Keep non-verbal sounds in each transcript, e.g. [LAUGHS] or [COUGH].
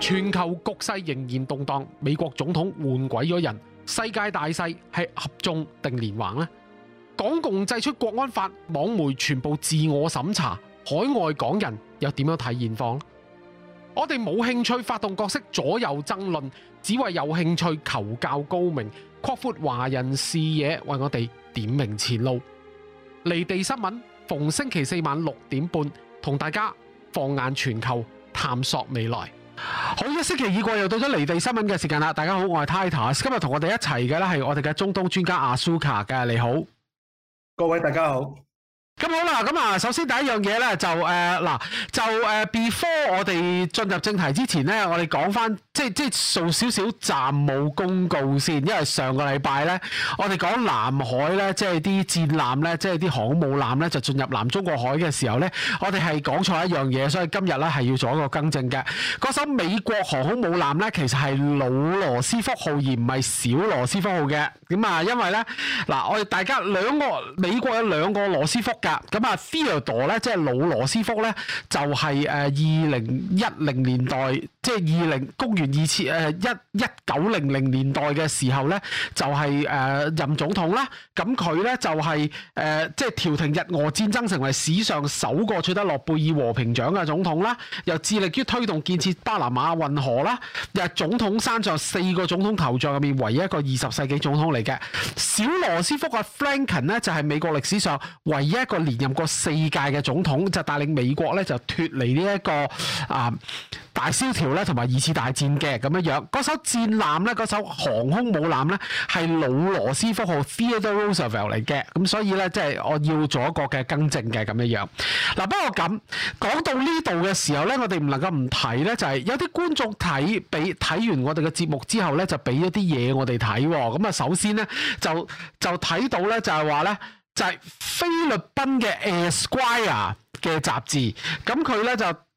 全球局勢仍然動盪，美國總統換鬼咗人，世界大勢係合縱定連橫咧？港共制出國安法，網媒全部自我審查，海外港人又點樣睇現況咧？我哋冇興趣發動角色左右爭論，只為有興趣求教高明，擴闊，闊華人視野，為我哋點明前路。離地新聞逢星期四晚六點半，同大家放眼全球，探索未來。好，一星期已過，又到咗離地新聞嘅時間啦！大家好，我係 Titus，今日同我哋一齊嘅咧係我哋嘅中東專家阿 Suka 嘅，你好，各位大家好。咁好啦，咁啊，首先第一樣嘢咧就、誒嗱、呃、就誒、呃、，before 我哋進入正題之前咧，我哋講返。即係即係做少少站務公告先，因為上個禮拜咧，我哋講南海咧，即係啲戰艦咧，即係啲航空母艦咧，就進入南中國海嘅時候咧，我哋係講錯一樣嘢，所以今日咧係要做一個更正嘅。嗰艘美國航空母艦咧，其實係老羅斯福號而唔係小羅斯福號嘅。咁啊，因為咧，嗱，我哋大家兩個美國有兩個羅斯福㗎。咁啊，Theodore 咧即係老羅斯福咧，就係誒二零一零年代，即係二零公元。二次誒一一九零零年代嘅時候咧，就係、是、誒、呃、任總統啦。咁佢咧就係誒即係調停日俄戰爭，成為史上首個取得諾貝爾和平獎嘅總統啦。又致力於推動建設巴拿馬運河啦。又總統山上四個總統頭像入面，唯一一個二十世紀總統嚟嘅小羅斯福阿 Franklin 呢，就係、是、美國歷史上唯一一個連任過四屆嘅總統，就帶領美國咧就脫離呢、這、一個啊。嗯大蕭條咧，同埋二次大戰嘅咁樣樣，嗰首戰艦咧，嗰首航空母艦咧，係老羅斯福號 Theodore Roosevelt 嚟嘅，咁所以咧，即係我要咗一個嘅更正嘅咁樣樣。嗱、啊，不過咁講到呢度嘅時候咧，我哋唔能夠唔睇咧，就係有啲觀眾睇俾睇完我哋嘅節目之後咧，就俾咗啲嘢我哋睇喎。咁啊，首先咧就就睇到咧就係話咧就係菲律賓嘅 Esquire 嘅雜誌，咁佢咧就。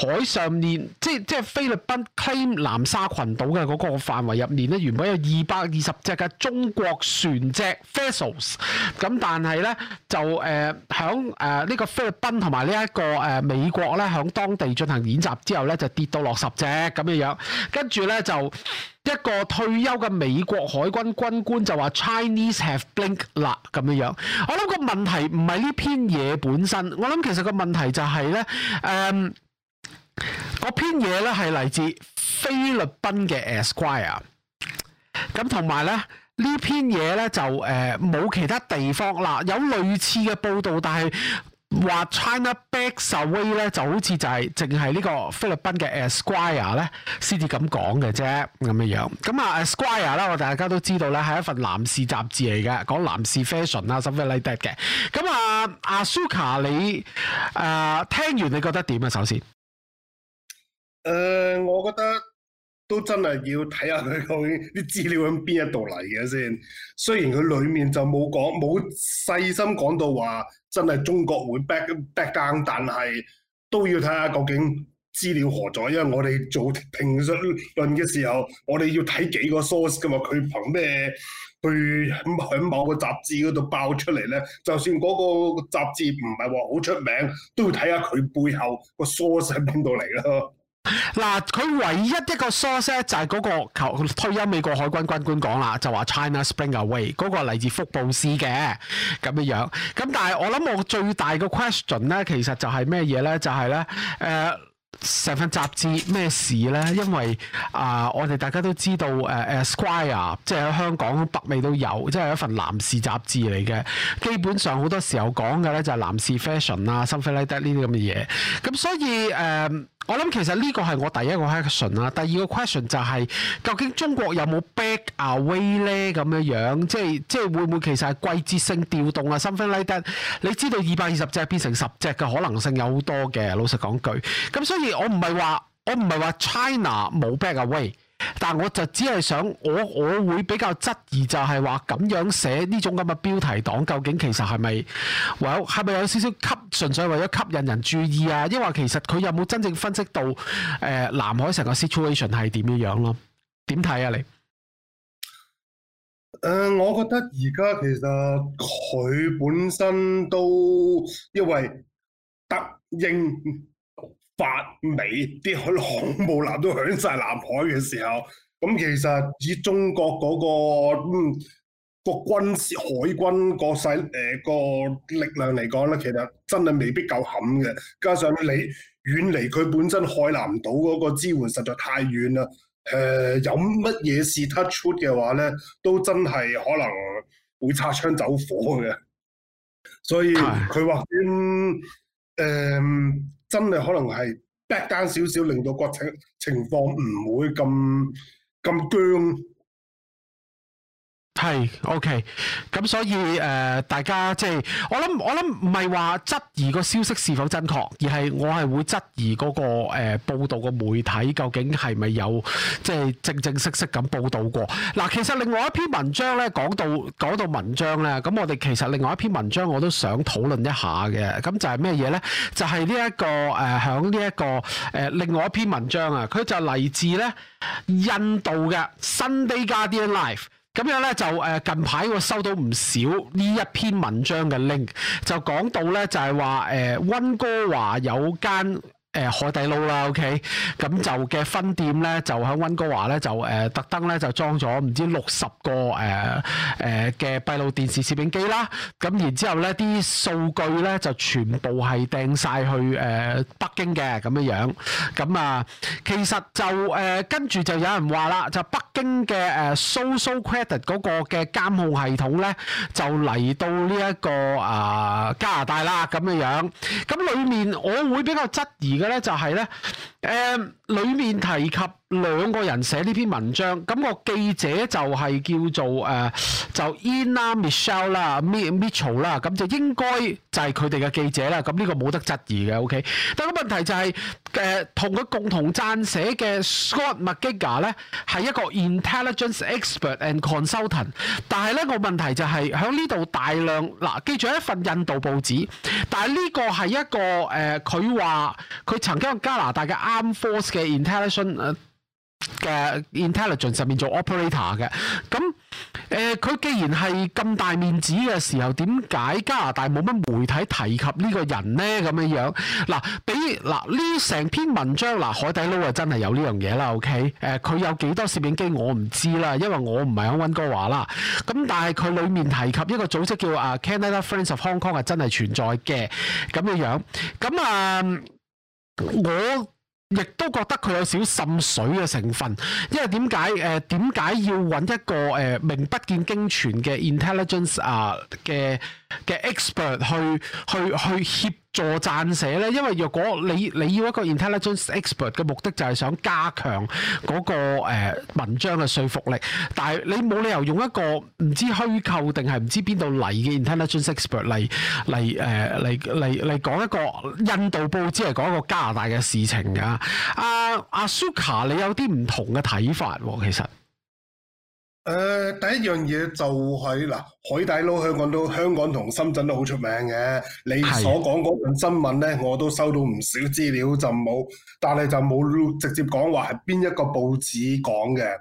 海上面即係即係菲律賓 claim 南沙群島嘅嗰個範圍入面咧，原本有二百二十隻嘅中國船隻 vessels 咁但係咧就誒響誒呢個菲律賓同埋呢一個誒、呃、美國咧響當地進行演習之後咧，就跌到落十隻咁嘅樣，跟住咧就一個退休嘅美國海軍軍官就話 Chinese have blink 啦咁嘅樣，樣，我諗個問題唔係呢篇嘢本身，我諗其實個問題就係咧誒。嗯嗰篇嘢咧係嚟自菲律賓嘅 Esquire，咁同埋咧呢篇嘢咧就誒冇、呃、其他地方嗱、呃、有類似嘅報道，但係話 China backs away 咧就好似就係淨係呢個菲律賓嘅 Esquire 咧先至咁講嘅啫咁嘅樣。咁啊 Esquire 啦，我哋大家都知道咧係一份男士雜誌嚟嘅，講男士 fashion 啦 s 啊，something like that 嘅。咁啊阿 Suka，你誒、啊、聽完你覺得點啊？首先。誒，uh, 我覺得都真係要睇下佢究竟啲資料喺邊一度嚟嘅先。雖然佢裡面就冇講，冇細心講到話真係中國會 back back down，但係都要睇下究竟資料何在，因為我哋做評論論嘅時候，我哋要睇幾個 source 嘅嘛。佢憑咩去喺某個雜誌嗰度爆出嚟咧？就算嗰個雜誌唔係話好出名，都要睇下佢背後個 source 喺邊度嚟咯。嗱，佢唯一一個 source 呢就係、是、嗰、那個球退休美國海軍軍官講啦，就話 China Spring Away 嗰個嚟自福布斯嘅咁嘅樣。咁但係我諗我最大嘅 question 咧，其實就係咩嘢咧？就係、是、咧，誒、呃、成份雜誌咩事咧？因為啊、呃，我哋大家都知道誒誒、呃、Esquire，即係喺香港北美都有，即係一份男士雜誌嚟嘅。基本上好多時候講嘅咧就係男士 fashion 啊、something like that 呢啲咁嘅嘢。咁所以誒。呃我諗其實呢個係我第一個 question 啦，第二個 question 就係、是、究竟中國有冇 back away 咧咁樣樣，即係即係會唔會其實係季節性調動啊 something like that？你知道二百二十隻變成十隻嘅可能性有好多嘅，老實講句。咁所以我唔係話我唔係話 China 冇 back away。但我就只係想，我我會比較質疑，就係話咁樣寫呢種咁嘅標題黨，究竟其實係咪，well, 係咪有係咪有少少吸，純粹為咗吸引人注意啊？抑或其實佢有冇真正分析到誒、呃、南海成個 situation 係點樣樣咯？點睇啊你？你誒、呃，我覺得而家其實佢本身都因為答應。八米啲好恐怖艦都響晒南海嘅時候，咁其實以中國嗰、那個個、嗯、軍事海軍個勢誒個力量嚟講咧，其實真係未必夠冚嘅。加上你遠離佢本身海南島嗰個支援實在太遠啦。誒、呃，有乜嘢事 t 出嘅話咧，都真係可能會擦槍走火嘅。所以佢或者誒。唉真係可能係 back down 少少，令到個情況唔會咁咁僵。係，OK。咁所以誒、呃，大家即係我諗，我諗唔係話質疑個消息是否真確，而係我係會質疑嗰、那個誒、呃、報道個媒體究竟係咪有即係、就是、正正式式咁報道過。嗱、呃，其實另外一篇文章咧講到講到文章咧，咁我哋其實另外一篇文章我都想討論一下嘅。咁就係咩嘢咧？就係呢一個誒，響呢一個誒、呃，另外一篇文章啊，佢就嚟自咧印度嘅《Sunday Guardian Life》。咁樣咧，就誒，近排我收到唔少呢一篇文章嘅 link，就講到咧，就係話誒温哥華有間。誒海底撈啦，OK，咁就嘅分店咧，就喺温哥華咧，就誒、呃、特登咧就裝咗唔知六十個誒誒嘅閉路電視攝影機啦。咁然之後咧啲數據咧就全部係掟曬去誒、呃、北京嘅咁樣樣，咁啊，其實就誒跟住就有人話啦，就北京嘅誒 Social Credit 嗰個嘅監控系統咧，就嚟到呢、這、一個啊、呃、加拿大啦咁樣樣，咁裏面我會比較質疑嘅。咧就係、是、咧，誒、嗯、裏面提及。兩個人寫呢篇文章，咁、個記者就係叫做誒、呃、就 Ina Michelle 啦，Mi Mitchell 啦，咁就應該就係佢哋嘅記者啦。咁呢個冇得質疑嘅，OK。但個問題就係誒同佢共同撰寫嘅 Scott McGiga 呢，咧，係一個 intelligence expert and consultant 但。但係呢個問題就係喺呢度大量嗱、呃，記住一份印度報紙，但係呢個係一個誒佢話佢曾經喺加拿大嘅 Arm Force 嘅 intelligence、呃嘅 intelligence 上面做 operator 嘅，咁誒，佢、呃、既然係咁大面子嘅時候，點解加拿大冇乜媒體提及呢個人呢？咁樣樣嗱、啊，比嗱呢成篇文章嗱、啊，海底撈啊真係有呢樣嘢啦。OK，誒、啊，佢有幾多攝影機我唔知啦，因為我唔係響温哥華啦。咁但係佢裏面提及一個組織叫啊 Canada Friends of Hong Kong 係真係存在嘅，咁樣樣。咁啊，我。亦都覺得佢有少少滲水嘅成分，因為點解？誒、呃，點解要揾一個誒、呃、名不見經傳嘅 intelligence 啊、呃、嘅？嘅 expert 去去去協助撰寫咧，因為若果你你要一個 intelligence expert 嘅目的就係想加強嗰、嗰個、呃、文章嘅說服力，但係你冇理由用一個唔知虛構定係唔知邊度嚟嘅 intelligence expert 嚟嚟誒嚟嚟嚟講一個印度報紙係講一個加拿大嘅事情㗎。阿、uh, Suka，你有啲唔同嘅睇法喎、哦，其實。誒、呃、第一樣嘢就係，是、嗱，海底撈香港都香港同深圳都好出名嘅。你所講嗰份新聞咧，我都收到唔少資料，就冇，但係就冇直接講話係邊一個報紙講嘅。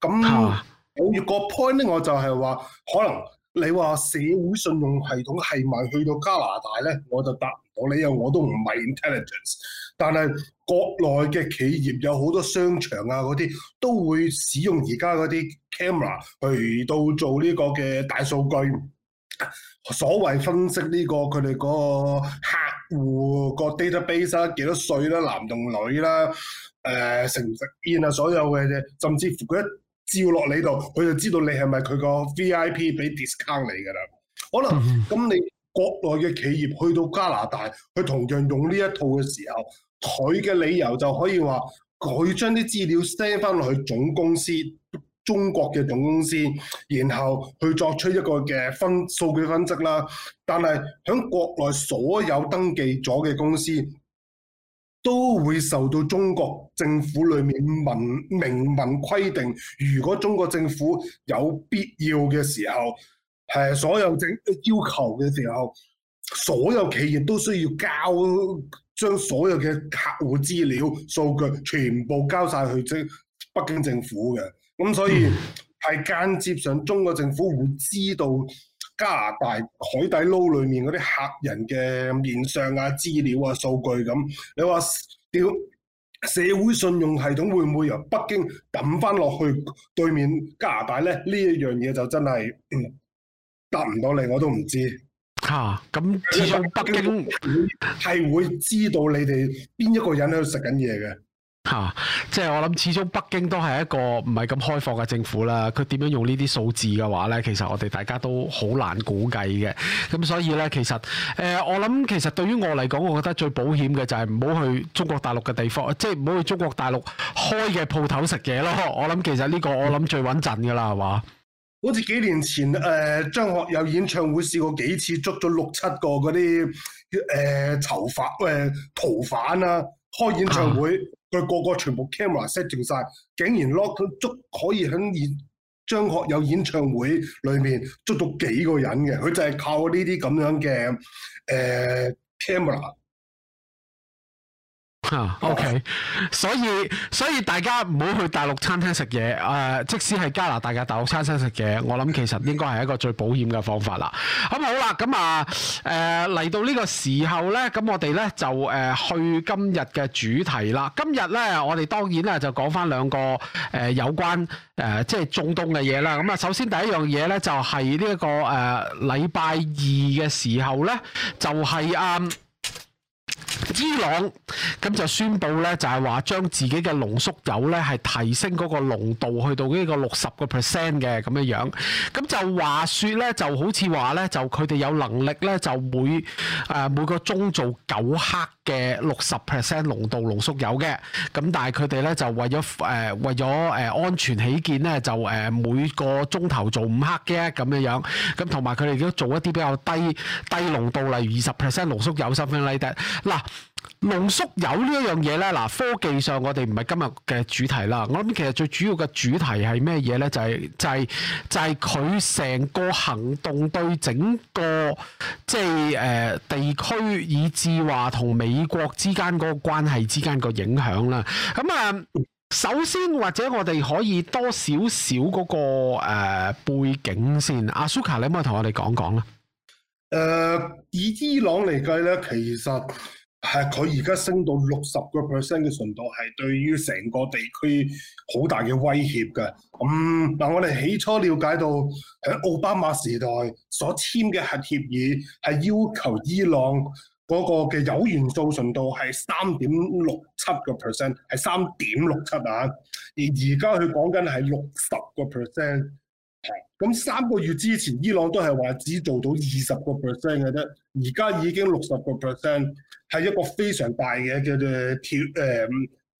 咁、啊、我越個 point 咧，我就係話，可能你話社會信用系統係咪去到加拿大咧，我就答唔到你，因為我都唔係 intelligence，但係。國內嘅企業有好多商場啊，嗰啲都會使用而家嗰啲 camera 去到做呢個嘅大數據。所謂分析呢、呢個佢哋個客戶個 database 幾多歲啦、啊，男同女啦、啊，誒食唔食煙啊，所有嘅，甚至乎佢一照落你度，佢就知道你係咪佢個 VIP 俾 discount 你㗎啦。好啦咁你國內嘅企業去到加拿大，佢同樣用呢一套嘅時候。佢嘅理由就可以話佢將啲資料 send 翻落去總公司，中國嘅總公司，然後去作出一個嘅分數據分析啦。但係響國內所有登記咗嘅公司都會受到中國政府裏面明明文規定，如果中國政府有必要嘅時候，係所有政要求嘅時候，所有企業都需要交。將所有嘅客戶資料數據全部交晒去即北京政府嘅，咁所以係、嗯、間接上中國政府會知道加拿大海底撈裏面嗰啲客人嘅面相啊、資料啊、數據咁。你話屌社會信用系統會唔會由北京抌翻落去對面加拿大咧？呢一樣嘢就真係答唔到你，我都唔知。吓，咁始終北京係會， [LAUGHS] 會知道你哋邊一個人喺度食緊嘢嘅。嚇、啊，即係我諗始終北京都係一個唔係咁開放嘅政府啦。佢點樣用數呢啲數字嘅話咧，其實我哋大家都好難估計嘅。咁所以咧，其實誒、呃，我諗其實對於我嚟講，我覺得最保險嘅就係唔好去中國大陸嘅地方，即係唔好去中國大陸開嘅鋪頭食嘢咯。我諗其實呢個我諗最穩陣嘅啦，係嘛、嗯？好似幾年前誒、呃、張學友演唱會試過幾次捉咗六七個嗰啲誒囚犯誒、呃、逃犯啦、啊，開演唱會佢個個個全部 camera set 定晒，竟然 lock 到捉可以喺張學友演唱會裏面捉到幾個人嘅，佢就係靠呢啲咁樣嘅誒 camera。呃 o、okay. k 所以所以大家唔好去大陸餐廳食嘢，誒、呃，即使係加拿大嘅大陸餐廳食嘢，我諗其實應該係一個最保險嘅方法啦。咁、嗯、好啦，咁啊誒嚟到呢個時候咧，咁我哋咧就誒、呃、去今日嘅主題啦。今日咧，我哋當然咧就講翻兩個誒、呃、有關誒、呃、即係中東嘅嘢啦。咁、嗯、啊，首先第一樣嘢咧就係、是、呢、這個誒禮拜二嘅時候咧，就係、是、啊。呃伊朗咁就宣布咧，就係話將自己嘅濃縮鈾咧，係提升嗰個濃度去到呢個六十個 percent 嘅咁樣樣。咁就話說咧，就好似話咧，就佢哋有能力咧，就每誒、呃、每個鐘做九克嘅六十 percent 濃度濃縮鈾嘅。咁但係佢哋咧就為咗誒、呃、為咗誒安全起見咧，就誒每個鐘頭做五克嘅咁樣樣。咁同埋佢哋都做一啲比較低低濃度，例如二十 percent 濃縮鈾甚至係嗱。濃縮有一呢一樣嘢咧，嗱，科技上，我哋唔係今日嘅主題啦。我諗其實最主要嘅主題係咩嘢咧？就係、是、就係、是、就係佢成個行動對整個即係誒、呃、地區，以至話同美國之間嗰個關係之間個影響啦。咁啊、呃，首先或者我哋可以多少少嗰個誒、呃、背景先。阿蘇卡，你可唔可以同我哋講講咧？誒、呃，以伊朗嚟計咧，其實。係佢而家升到六十個 percent 嘅純度，係對於成個地區好大嘅威脅嘅。咁、嗯、嗱，但我哋起初了解到喺奧巴馬時代所簽嘅核協議係要求伊朗嗰個嘅鈾元素純度係三點六七個 percent，係三點六七啊，而而家佢講緊係六十個 percent。咁三個月之前，伊朗都係話只做到二十個 percent 嘅啫，而家已經六十個 percent，係一個非常大嘅嘅誒跳誒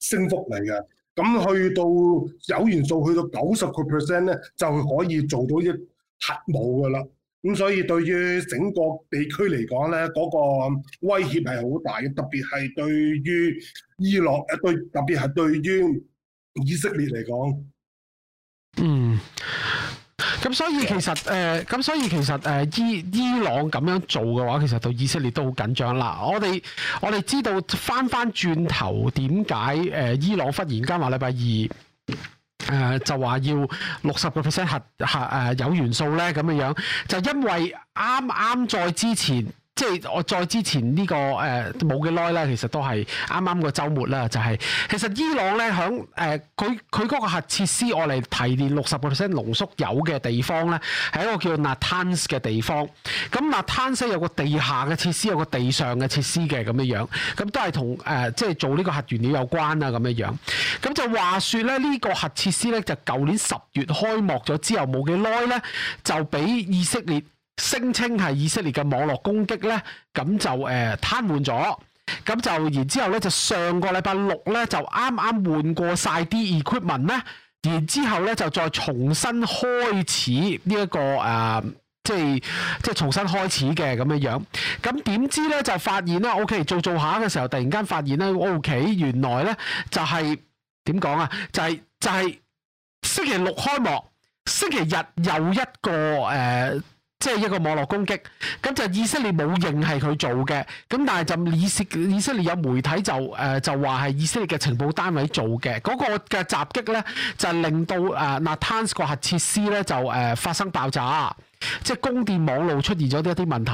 升幅嚟嘅。咁去到有元素去到九十個 percent 咧，就可以做到一核武噶啦。咁所以對於整個地區嚟講咧，嗰個威脅係好大嘅，特別係對於伊朗誒對，特別係對於以色列嚟講，嗯。咁、嗯、所以其實誒，咁、呃、所以其實誒、呃、伊伊朗咁樣做嘅話，其實對以色列都好緊張喇。嗱，我哋我哋知道翻翻轉頭點解誒伊朗忽然間話禮拜二誒、呃、就話要六十個 percent 核核誒、呃、有元素咧咁嘅樣，就因為啱啱在之前。即係我再之前呢、呢個誒冇幾耐啦，其實都係啱啱個周末啦、就係，就係其實伊朗咧響誒佢佢嗰個核設施用嚟提煉六十個 percent 濃縮鈾嘅地方咧，係一個叫 Natans 嘅地方。咁 Natans 有個地下嘅設施，有個地上嘅設施嘅咁樣樣，咁都係同誒即係做呢個核原料有關啊咁樣樣。咁就話説咧，呢、呢個核設施咧就舊年十月開幕咗之後冇幾耐咧，就俾以色列。聲稱係以色列嘅網絡攻擊咧，咁就誒、呃、癱瘓咗，咁就然之後咧就上個禮拜六咧就啱啱換過晒啲 equipment 咧，然之後咧就再重新開始呢一、這個誒、呃，即係即係重新開始嘅咁樣樣，咁點知咧就發現咧，O K 做做下嘅時候，突然間發現咧，O K 原來咧就係點講啊，就係、是、就係、是就是、星期六開幕，星期日又一個誒。呃即係一個網絡攻擊，咁就以色列冇認係佢做嘅，咁但係就以色以色列有媒體就誒、呃、就話係以色列嘅情報單位做嘅嗰、嗰個嘅襲擊咧，就令到誒納坦斯個核設施咧就誒、呃、發生爆炸，即係供電網路出現咗一啲問題，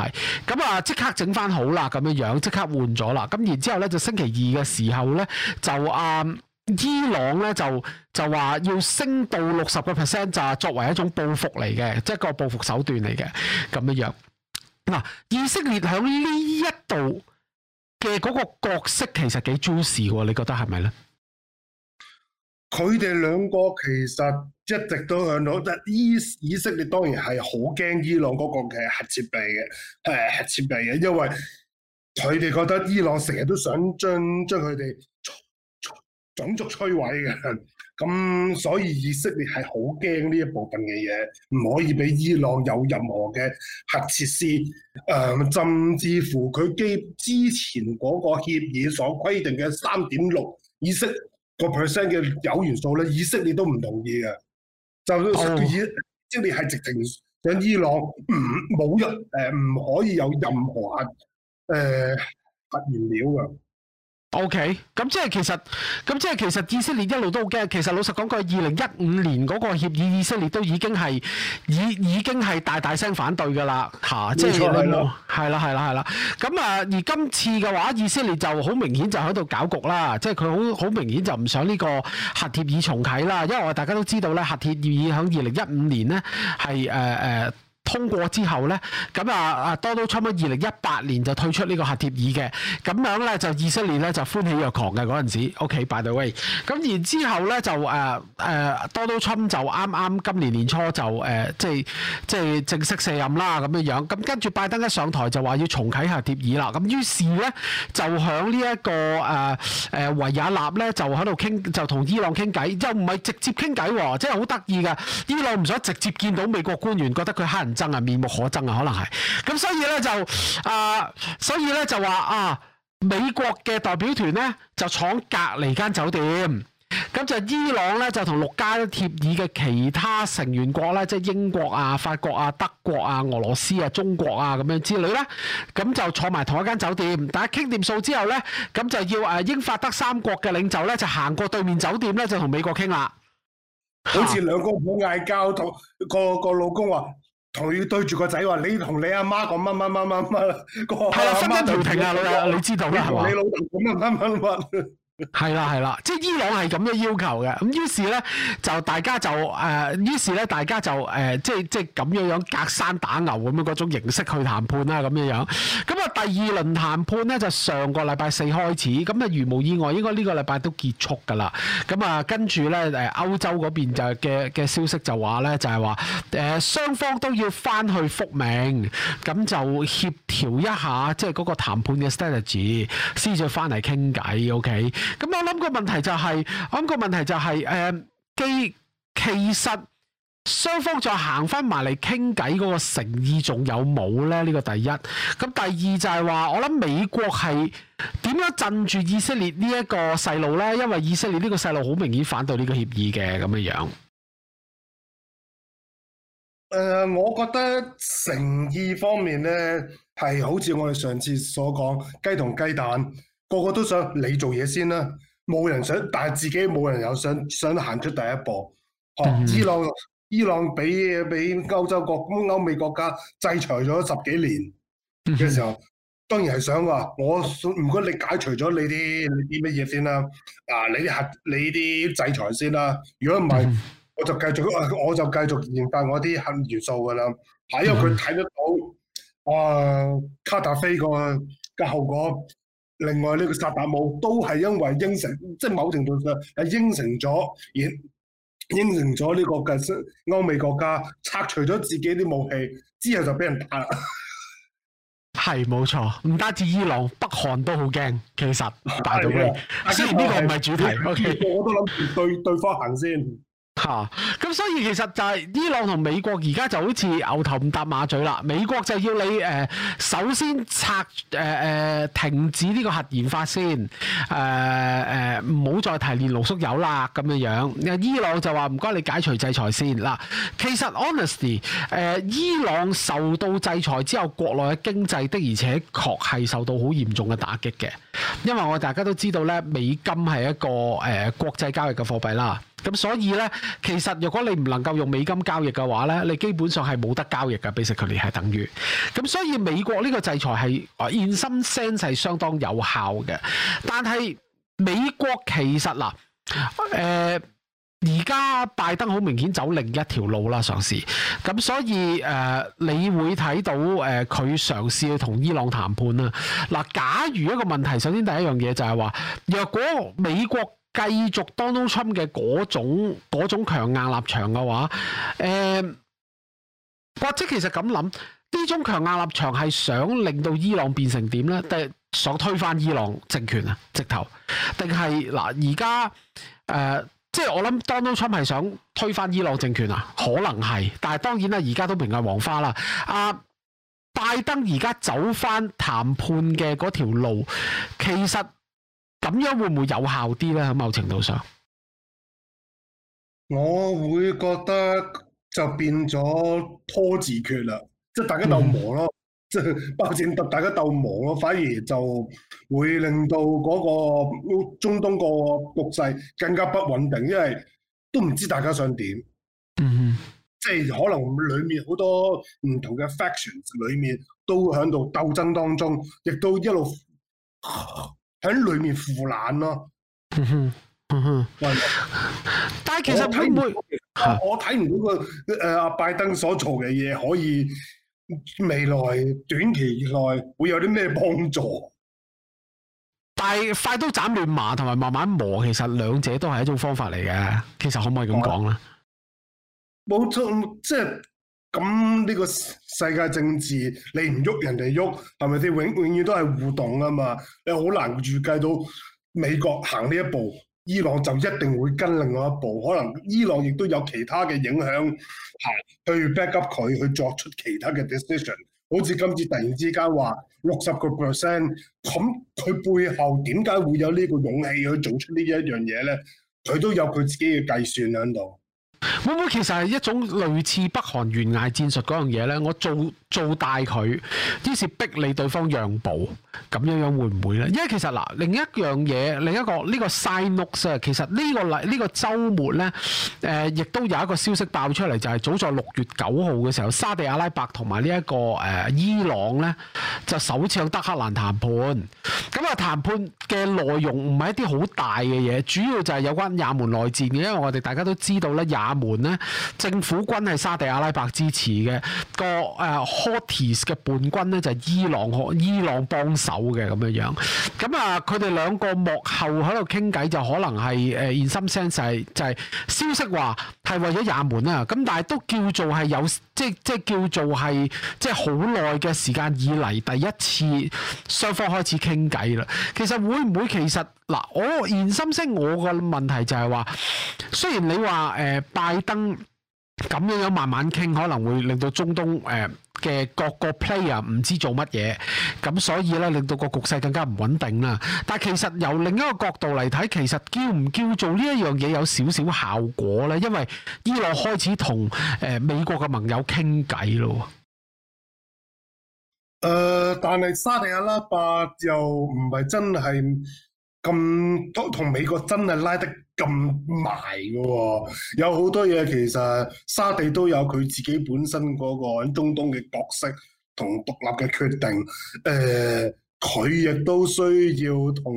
咁啊即刻整翻好啦咁樣樣，即刻換咗啦，咁然之後咧就星期二嘅時候咧就誒。呃伊朗咧就就話要升到六十個 percent，就係作為一種報復嚟嘅，即係個報復手段嚟嘅咁樣樣。嗱，以色列響呢一度嘅嗰個角色其實幾 juicy 嘅，你覺得係咪咧？佢哋兩個其實一直都響度，但伊以色列當然係好驚伊朗嗰個嘅核設備嘅，誒核設備嘅，因為佢哋覺得伊朗成日都想將將佢哋。種族摧毀嘅，咁所以以色列係好驚呢一部分嘅嘢，唔可以俾伊朗有任何嘅核設施，誒、呃，甚至乎佢基之前嗰個協議所規定嘅三點六以色個 percent 嘅鈾元素咧，以色列都唔同意嘅，就以、oh。即係直情想伊朗唔冇入誒，唔可以有任何誒、呃、核燃料嘅。OK，咁即係其實，咁即係其實以色列一路都好驚。其實老實講，佢二零一五年嗰個協議，以色列都已經係已已經係大大聲反對噶啦，吓、啊，即係係啦，係啦、係，係啦的。咁啊，而今次嘅話，以色列就好明顯就喺度搞局啦，即係佢好好明顯就唔想呢個核協議重啟啦。因為我哋大家都知道咧，核協議響二零一五年呢係誒誒。通過之後呢，咁啊啊 Donald Trump 二零一八年就退出呢個核協議嘅，咁樣呢，就以色列呢就歡喜若狂嘅嗰陣時，OK by the way 咁然之後咧就誒誒、啊啊、Donald Trump 就啱啱今年年初就誒、啊、即係即係正式卸任啦咁樣樣，咁跟住拜登一上台就話要重啟核協議啦，咁於是呢，就響呢一個誒、啊啊、維也納呢，就喺度傾，就同伊朗傾偈，又唔係直接傾偈，即係好得意嘅，伊朗唔想直接見到美國官員，覺得佢黑人。真係，面目可憎啊，可能係咁、呃，所以咧就啊，所以咧就話啊，美國嘅代表團咧就闖隔離間酒店，咁就伊朗咧就同六加一協議嘅其他成員國咧，即係英國啊、法國啊、德國啊、俄羅斯啊、中國啊咁樣之類咧，咁就坐埋同一間酒店，大家傾掂數之後咧，咁就要誒英法德三國嘅領袖咧就行過對面酒店咧，就同美國傾啦，好似兩公婆嗌交，嗰個、嗰個老公話。佢要對住個仔話，你同你阿媽講乜乜乜乜乜，個阿媽就要同你知道啦，你老豆噉乜乜乜乜。係啦，係啦，即係伊朗係咁嘅要求嘅，咁於是咧就大家就誒、呃，於是咧大家就誒、呃，即係即係咁樣樣隔山打牛咁樣嗰種形式去談判啦，咁樣樣。咁、嗯、啊，第二輪談判咧就上個禮拜四開始，咁、嗯、啊，如無意外應該呢個禮拜都結束㗎啦。咁、嗯、啊，跟住咧誒，歐洲嗰邊就嘅嘅消息就話咧就係話誒，雙、呃、方都要翻去覆命，咁、嗯、就協調一下即係嗰個談判嘅 strategy 先至翻嚟傾偈，OK？咁我諗個問題就係、是，我諗個問題就係、是，誒、呃，既其實雙方再行翻埋嚟傾偈嗰個誠意仲有冇咧？呢個第一。咁第二就係、是、話，我諗美國係點樣鎮住以色列呢一個細路咧？因為以色列呢個細路好明顯反對呢個協議嘅咁樣樣。誒、呃，我覺得誠意方面咧，係好似我哋上次所講，雞同雞蛋。個個都想你做嘢先啦、啊，冇人想，但係自己冇人有想想行出第一步。哈！ [NOISE] 伊朗伊朗俾俾歐洲國歐美國家制裁咗十幾年嘅時候， [NOISE] 當然係想話，我唔該你解除咗你啲啲乜嘢先啦。嗱，你核、啊啊、你啲制裁先啦、啊。如果唔係，我就繼續我就繼續研發我啲核元素㗎啦。係因為佢睇得到啊 [NOISE] 卡達菲個個後果。另外呢個薩達姆都係因為應承，即係某程度上係應承咗，應承咗呢個嘅歐美國家拆除咗自己啲武器之後就俾人打啦。係 [LAUGHS] 冇錯，唔單止伊朗，北韓都好驚，其實大到嘅。雖然呢個唔係主題，這個、Okay. 我都諗住對對方行先。吓，咁、啊、所以其實就係伊朗同美國而家就好似牛頭唔搭馬嘴啦。美國就要你誒、呃，首先拆誒誒、呃，停止呢個核研發先，誒、呃、誒，唔、呃、好再提煉濃縮鈾啦咁樣樣。伊朗就話唔該，你解除制裁先。嗱，其實 honestly，誒、呃，伊朗受到制裁之後，國內嘅經濟的而且確係受到好嚴重嘅打擊嘅，因為我大家都知道咧，美金係一個誒、呃、國際交易嘅貨幣啦。咁所以呢，其實如果你唔能夠用美金交易嘅話呢，你基本上係冇得交易嘅，basically 佢哋係等於。咁所以美國呢個制裁係 in some sense 係相當有效嘅，但係美國其實，嗱，誒而家拜登好明顯走另一條路啦，上市。咁所以誒、呃，你會睇到誒佢嘗試去同伊朗談判啦。嗱、呃，假如一個問題，首先第一樣嘢就係話，若果美國繼續 Donald Trump 嘅嗰種嗰種強硬立場嘅話，誒、呃，或者其實咁諗，呢種強硬立場係想令到伊朗變成點咧？定係想推翻伊朗政權啊？直頭，定係嗱而家誒，即係我諗 Donald Trump 係想推翻伊朗政權啊？可能係，但係當然啦，而家都明日黃花啦。阿、啊、拜登而家走翻談判嘅嗰條路，其實。咁樣會唔會有效啲咧？某程度上，我會覺得就變咗拖字訣啦，即係大家鬥磨咯，即係抱特大家鬥磨咯，反而就會令到嗰個中東個局勢更加不穩定，因為都唔知大家想點。嗯，即係可能裏面好多唔同嘅 faction 裏面都喺度鬥爭當中，亦都一路。嗯喺裏面腐爛咯，但係其實唔會，我睇唔到， [LAUGHS] 到、個誒阿、呃、拜登所做嘅嘢可以未來短期內會有啲咩幫助？但係快刀斬亂麻同埋慢慢磨，其實兩者都係一種方法嚟嘅。其實可唔可以咁講咧？冇錯，即係。咁呢個世界政治，你唔喐人哋喐，係咪你永永遠都係互動啊嘛？你好難預計到美國行呢一步，伊朗就一定會跟另外一步。可能伊朗亦都有其他嘅影響，去 back up 佢去作出其他嘅 decision。好似今次突然之間話六十個 percent，咁佢背後點解會有呢個勇氣去做出一呢一樣嘢咧？佢都有佢自己嘅計算喺度。會唔會其實係一種類似北韓懸崖戰術嗰樣嘢呢？我做做大佢，於是逼你對方讓步，咁樣樣會唔會呢？因為其實嗱，另一樣嘢，另一個呢個、這個、side 其實呢、這個呢、這個周末呢，誒、呃，亦都有一個消息爆出嚟，就係、是、早在六月九號嘅時候，沙地阿拉伯同埋呢一個誒、呃、伊朗呢，就首次向德黑蘭談判。咁、嗯、啊，談判嘅內容唔係一啲好大嘅嘢，主要就係有關也門內戰嘅，因為我哋大家都知道咧，也門咧，政府軍係沙地阿拉伯支持嘅，個誒、uh, Houthis 嘅叛軍咧就係、是、伊朗伊朗幫手嘅咁樣樣，咁啊佢哋兩個幕後喺度傾偈就可能係誒 in some sense 就係、是、消息話係為咗也門啦，咁但係都叫做係有即即，即叫做係即係好耐嘅時間以嚟第一次雙方開始傾偈啦。其實會唔會其實嗱、啊，我 in some sense，sense，我個問題就係話，雖然你話誒。呃拜登咁樣樣慢慢傾，可能會令到中東誒嘅、呃、各個 player 唔知做乜嘢，咁所以呢，令到個局勢更加唔穩定啦。但係其實由另一個角度嚟睇，其實叫唔叫做呢一樣嘢有少少效果呢？因為伊朗開始同誒、呃、美國嘅盟友傾偈咯。誒、呃，但係沙特阿拉伯就唔係真係咁多同美國真係拉得。咁埋㗎，有好多嘢其實沙地都有佢自己本身嗰個喺中東嘅角色同獨立嘅決定。誒、呃，佢亦都需要同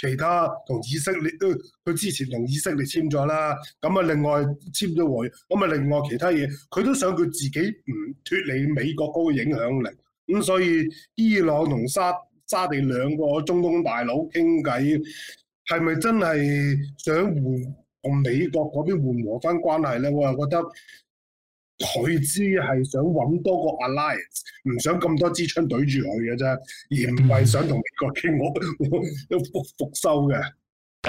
其他同以色列，佢、呃、之前同以色列簽咗啦，咁啊另外簽咗和約，咁啊另外其他嘢，佢都想佢自己唔脫離美國嗰個影響力。咁所以伊朗同沙沙地兩個中東大佬傾偈。係咪真係想緩同美國嗰邊緩和翻關係咧？我又覺得佢知係想搵多個 alliance，唔想咁多支槍懟住佢嘅啫，而唔係想同美國傾我復收嘅。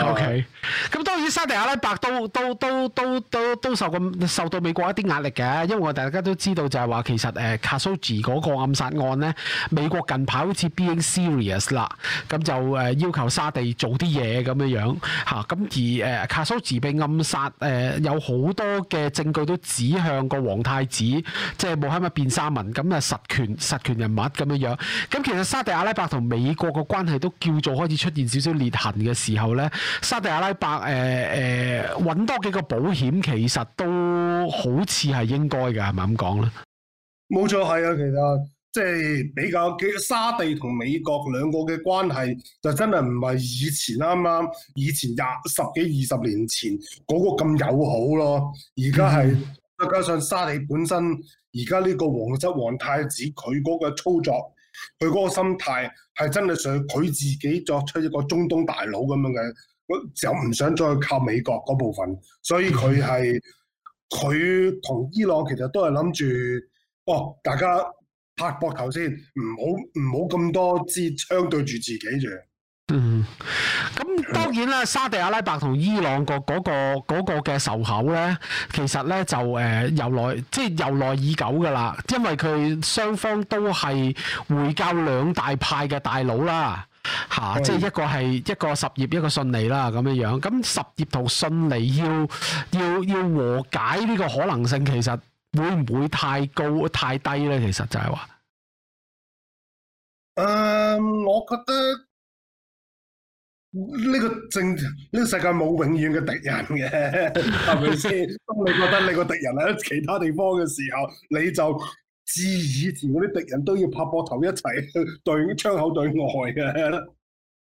O K，咁當然沙地阿拉伯都都都都都都受咁受到美國一啲壓力嘅，因為我大家都知道就係話其實誒卡舒吉嗰個暗殺案呢，美國近排好似 being serious 啦，咁就誒要求沙地做啲嘢咁樣樣吓，咁、啊、而誒卡舒吉被暗殺誒、呃，有好多嘅證據都指向個皇太子，即係穆罕默德沙文咁啊實權實權人物咁樣樣，咁其實沙地阿拉伯同美國個關係都叫做開始出現少少裂痕嘅時候呢。沙地阿拉伯，誒誒揾多幾個保險，其實都好似係應該嘅，係咪咁講咧？冇錯係啊，其實即係、就是、比較嘅沙地同美國兩個嘅關係，就真係唔係以前啱啱以前廿十幾二十年前嗰個咁友好咯。而家係再加上沙地本身，而家呢個皇室皇太子佢嗰個操作，佢嗰個心態係真係想佢自己作出一個中東大佬咁樣嘅。就唔想再靠美國嗰部分，所以佢係佢同伊朗其實都係諗住，哦，大家拍膊頭先，唔好唔好咁多支槍對住自己啫。嗯，咁當然啦，沙地阿拉伯同伊朗，嗰個嗰，嗰個嘅仇口咧，其實咧就誒由來即係由來已久噶啦，因為佢雙方都係回教兩大派嘅大佬啦。吓、啊，即係一個係一個十業，一個信利啦咁樣樣。咁十業同信利要要要和解呢個可能性，其實會唔會太高太低咧？其實就係話，嗯，我覺得呢個政呢、這個世界冇永遠嘅敵人嘅，係咪先？當你覺得你個敵人喺其他地方嘅時候，你就。至以前嗰啲敵人都要拍膊頭一齊對窗口對外嘅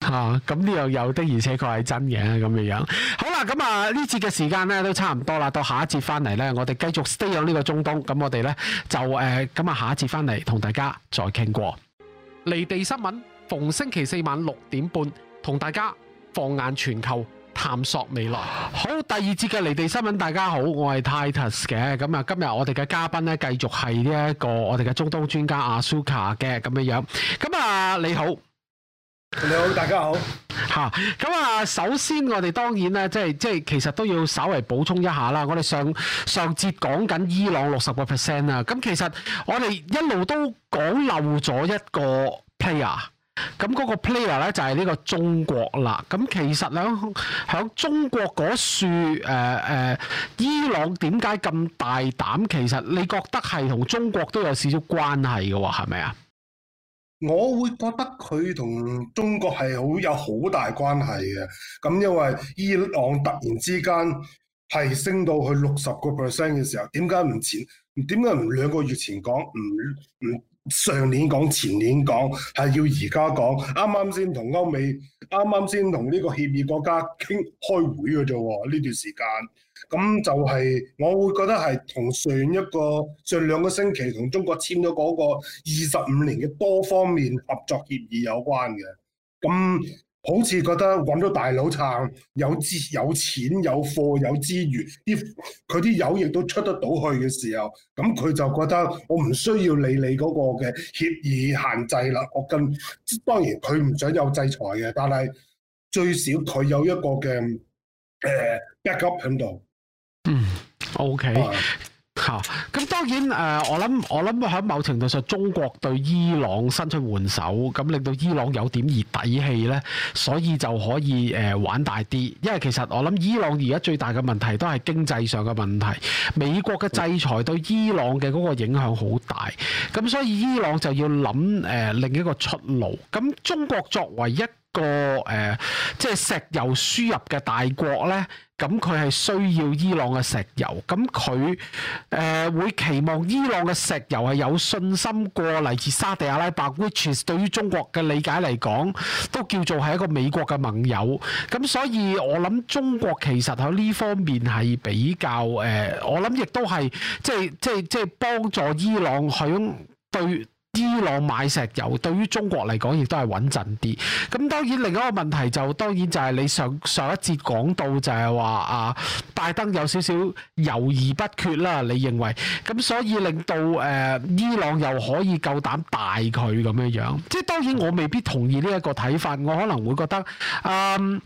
吓，咁呢、啊、樣有的，而且確係真嘅咁樣。好啦，咁啊呢次嘅時間咧都差唔多啦，到下一節翻嚟咧，我哋繼續 stay on 呢個中東。咁我哋咧就誒，咁、呃、啊下一節翻嚟同大家再傾過。離地新聞逢星期四晚六點半，同大家放眼全球。探索未來。好，第二節嘅離地新聞，大家好，我係 Titus 嘅。咁啊，今日我哋嘅嘉賓咧，繼續係呢一個我哋嘅中東專家阿蘇卡嘅咁樣樣。咁啊，你好，你好，大家好。嚇，咁啊，首先我哋當然咧，即係即係其實都要稍微補充一下啦。我哋上上節講緊伊朗六十個 percent 啊，咁其實我哋一路都講漏咗一個 player。咁嗰個 player 咧就係呢個中國啦。咁其實響響中國嗰樹誒誒，伊朗點解咁大膽？其實你覺得係同中國都有少少關係嘅，係咪啊？我會覺得佢同中國係好有好大關係嘅。咁因為伊朗突然之間係升到去六十個 percent 嘅時候，點解唔前？點解唔兩個月前講唔唔？上年講，前年講，係要而家講。啱啱先同歐美，啱啱先同呢個協議國家傾開會嘅啫。呢段時間，咁就係、是、我會覺得係同上一個上兩個星期同中國簽咗嗰個二十五年嘅多方面合作協議有關嘅。咁。好似覺得揾到大佬撐，有資有錢有貨有資源，啲佢啲友亦都出得到去嘅時候，咁佢就覺得我唔需要理你嗰個嘅協議限制啦。我更當然佢唔想有制裁嘅，但係最少佢有一個嘅誒、呃、back up 喺度。嗯，OK。Yeah. 嚇！咁、哦、當然誒、呃，我諗我諗喺某程度上，中國對伊朗伸出援手，咁令到伊朗有點熱底氣呢，所以就可以誒、呃、玩大啲。因為其實我諗伊朗而家最大嘅問題都係經濟上嘅問題，美國嘅制裁對伊朗嘅嗰個影響好大，咁所以伊朗就要諗誒、呃、另一個出路。咁中國作為一個誒、呃、即係石油輸入嘅大國呢，咁佢係需要伊朗嘅石油，咁佢誒會期望伊朗嘅石油係有信心過嚟自沙地阿拉伯。Which is 對於中國嘅理解嚟講，都叫做係一個美國嘅盟友。咁所以我諗中國其實喺呢方面係比較誒、呃，我諗亦都係即係即係即係幫助伊朗響對。伊朗買石油，對於中國嚟講亦都係穩陣啲。咁當然，另一個問題就當然就係你上上一節講到就係話啊，拜登有少少猶豫不決啦。你認為咁，所以令到誒、啊、伊朗又可以夠膽大佢咁樣樣。即係當然，我未必同意呢一個睇法。我可能會覺得，嗯，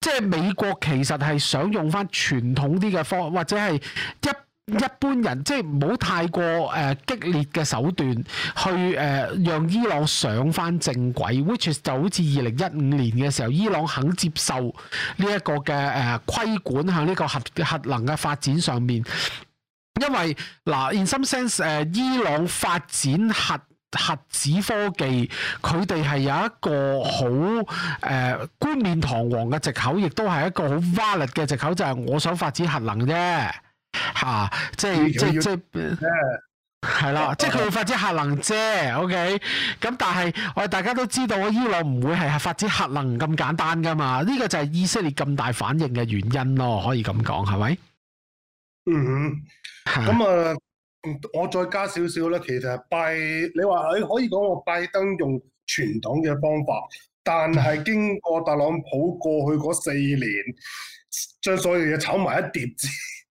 即、就、係、是、美國其實係想用翻傳統啲嘅方法，或者係一。一般人即係唔好太過誒、呃、激烈嘅手段去誒、呃、讓伊朗上翻正軌，which is, 就好似二零一五年嘅時候，伊朗肯接受呢一個嘅誒規管喺呢個核核能嘅發展上面。因為嗱、呃、，in some sense 誒、呃，伊朗發展核核子科技，佢哋係有一個好誒、呃、冠冕堂皇嘅藉口，亦都係一個好 valid 嘅藉口，就係、是、我想發展核能啫。吓、啊，即係要即係係啦，即係佢會發展核能啫，OK。咁但係我哋大家都知道，伊朗唔會係發展核能咁簡單噶嘛？呢、這個就係以色列咁大反應嘅原因咯，可以咁講係咪？嗯哼，咁啊是、嗯，我再加少少啦。其實拜你話你可以講我拜登用傳統嘅方法，但係經過特朗普過去嗰四年，將所有嘢炒埋一碟。 [LAUGHS]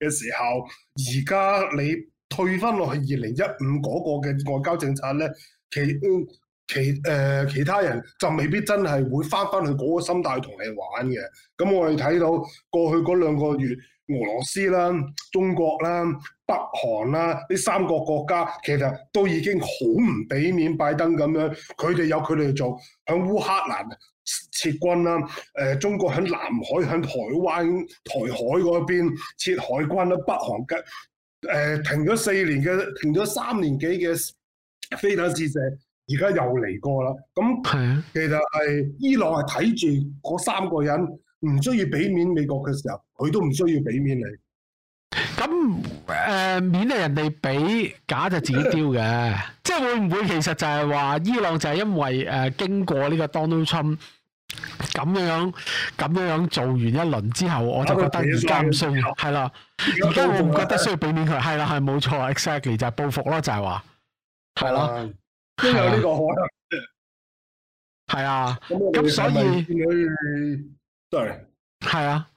嘅時候，而家你退翻落去二零一五嗰個嘅外交政策咧，其其誒、呃、其他人就未必真係會翻返去嗰個心態同你玩嘅。咁我哋睇到過去嗰兩個月，俄羅斯啦、中國啦、北韓啦，呢三個國家其實都已經好唔俾面拜登咁樣，佢哋有佢哋做。喺烏克蘭撤軍啦，誒、呃，中國喺南海、喺台灣、台海嗰邊撤海軍啦，北韓嘅誒停咗四年嘅、停咗三年幾嘅飛彈試射，而家又嚟過啦。咁、嗯、的其實係伊朗係睇住嗰三個人唔需要俾面美國嘅時候，佢都唔需要俾面你。咁誒、呃、免得人哋俾假就自己丟嘅， [LAUGHS] 即係會唔會其實就係話伊朗就係因為誒經過呢個 Donald Trump 咁樣樣咁樣樣做完一輪之後，我就覺得而家唔需要，係啦。而家我唔覺得需要避免佢，係啦，係冇錯，exactly 就係報復咯，就係話係咯，都、啊、有呢個可能。係啊，咁、啊嗯、所以、嗯嗯、對係啊。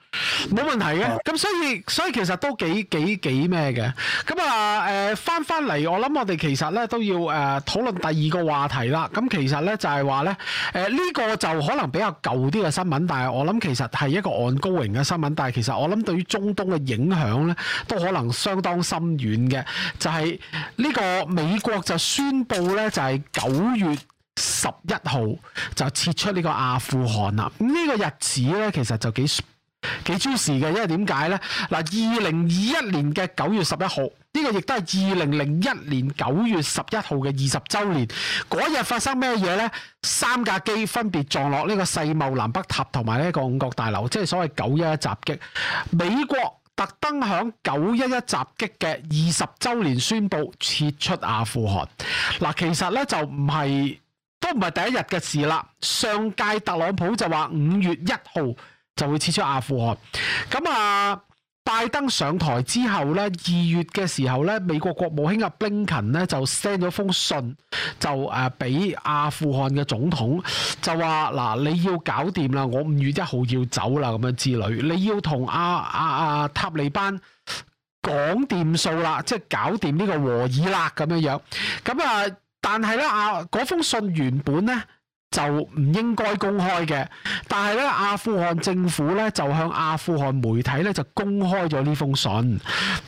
冇問題嘅，咁所以所以其實都幾幾幾咩嘅，咁啊誒返返嚟，我諗我哋其實咧都要誒、呃、討論第二個話題啦。咁其實咧就係話咧誒呢、呃，這個就可能比較舊啲嘅新聞，但係我諗其實係一個 ongoing 嘅新聞，但係其實我諗對於中東嘅影響咧都可能相當深遠嘅。就係、是、呢個美國就宣布咧就係、是、九月十一號就撤出呢個阿富汗啦。咁、嗯、呢、這個日子咧其實就幾幾超時嘅，因為點解呢？嗱，二零二一年嘅九月十一號，呢個亦都係二零零一年九月十一號嘅二十周年。嗰日發生咩嘢呢？三架機分別撞落呢個世貿南北塔同埋呢個五角大樓，即係所謂九一一襲擊。美國特登響九一一襲擊嘅二十周年宣布撤出阿富汗。嗱，其實呢就唔係，都唔係第一日嘅事啦。上屆特朗普就話五月一號。就會撤出阿富汗。咁啊，拜登上台之後咧，二月嘅時候咧，美國國務卿啊布林肯咧就 send 咗封信，就誒、啊、俾阿富汗嘅總統，就話嗱，你要搞掂啦，我五月一號要走啦，咁樣之類，你要同阿阿阿塔利班講掂數啦，即係搞掂呢個和議啦，咁樣樣。咁啊，但係咧阿嗰封信原本咧，就唔應該公開嘅，但係咧，阿富汗政府咧就向阿富汗媒體咧就公開咗呢封信，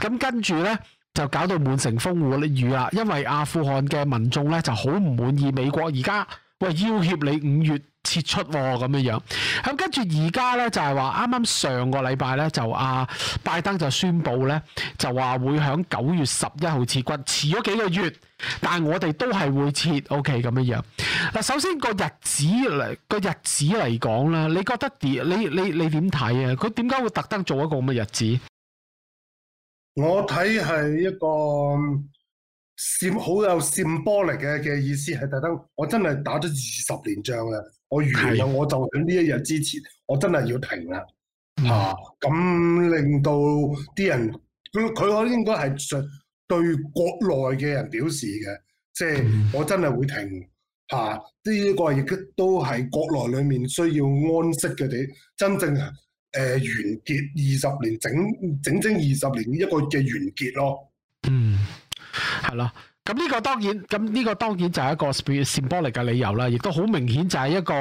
咁跟住咧就搞到滿城風雨啦，因為阿富汗嘅民眾咧就好唔滿意美國，而家喂要挾你五月撤出咁、哦、樣樣，咁跟住而家咧就係話啱啱上個禮拜咧就阿、啊、拜登就宣布咧就話會響九月十一號撤軍，遲咗幾個月。但係我哋都係會設，OK 咁樣樣。嗱，首先個日子嚟，個日子嚟講啦，你覺得點？你你你點睇啊？佢點解會特登做一個咁嘅日子？我睇係一個善，好有 symbolic 嘅嘅意思，係特登。我真係打咗二十年仗啦，我完啦，我就喺呢一日之前，我真係要停啦。吓的，咁、啊、令到啲人佢佢可，應該係。對國內嘅人表示嘅，即係我真係會停吓，呢個亦都都係國內裡面需要安息嘅啲真正誒完結二十年整整整二十年一個嘅完結咯。嗯，係啦。咁呢個當然，咁、這、呢個當然就係一個 symbolic 嘅理由啦，亦都好明顯就係一個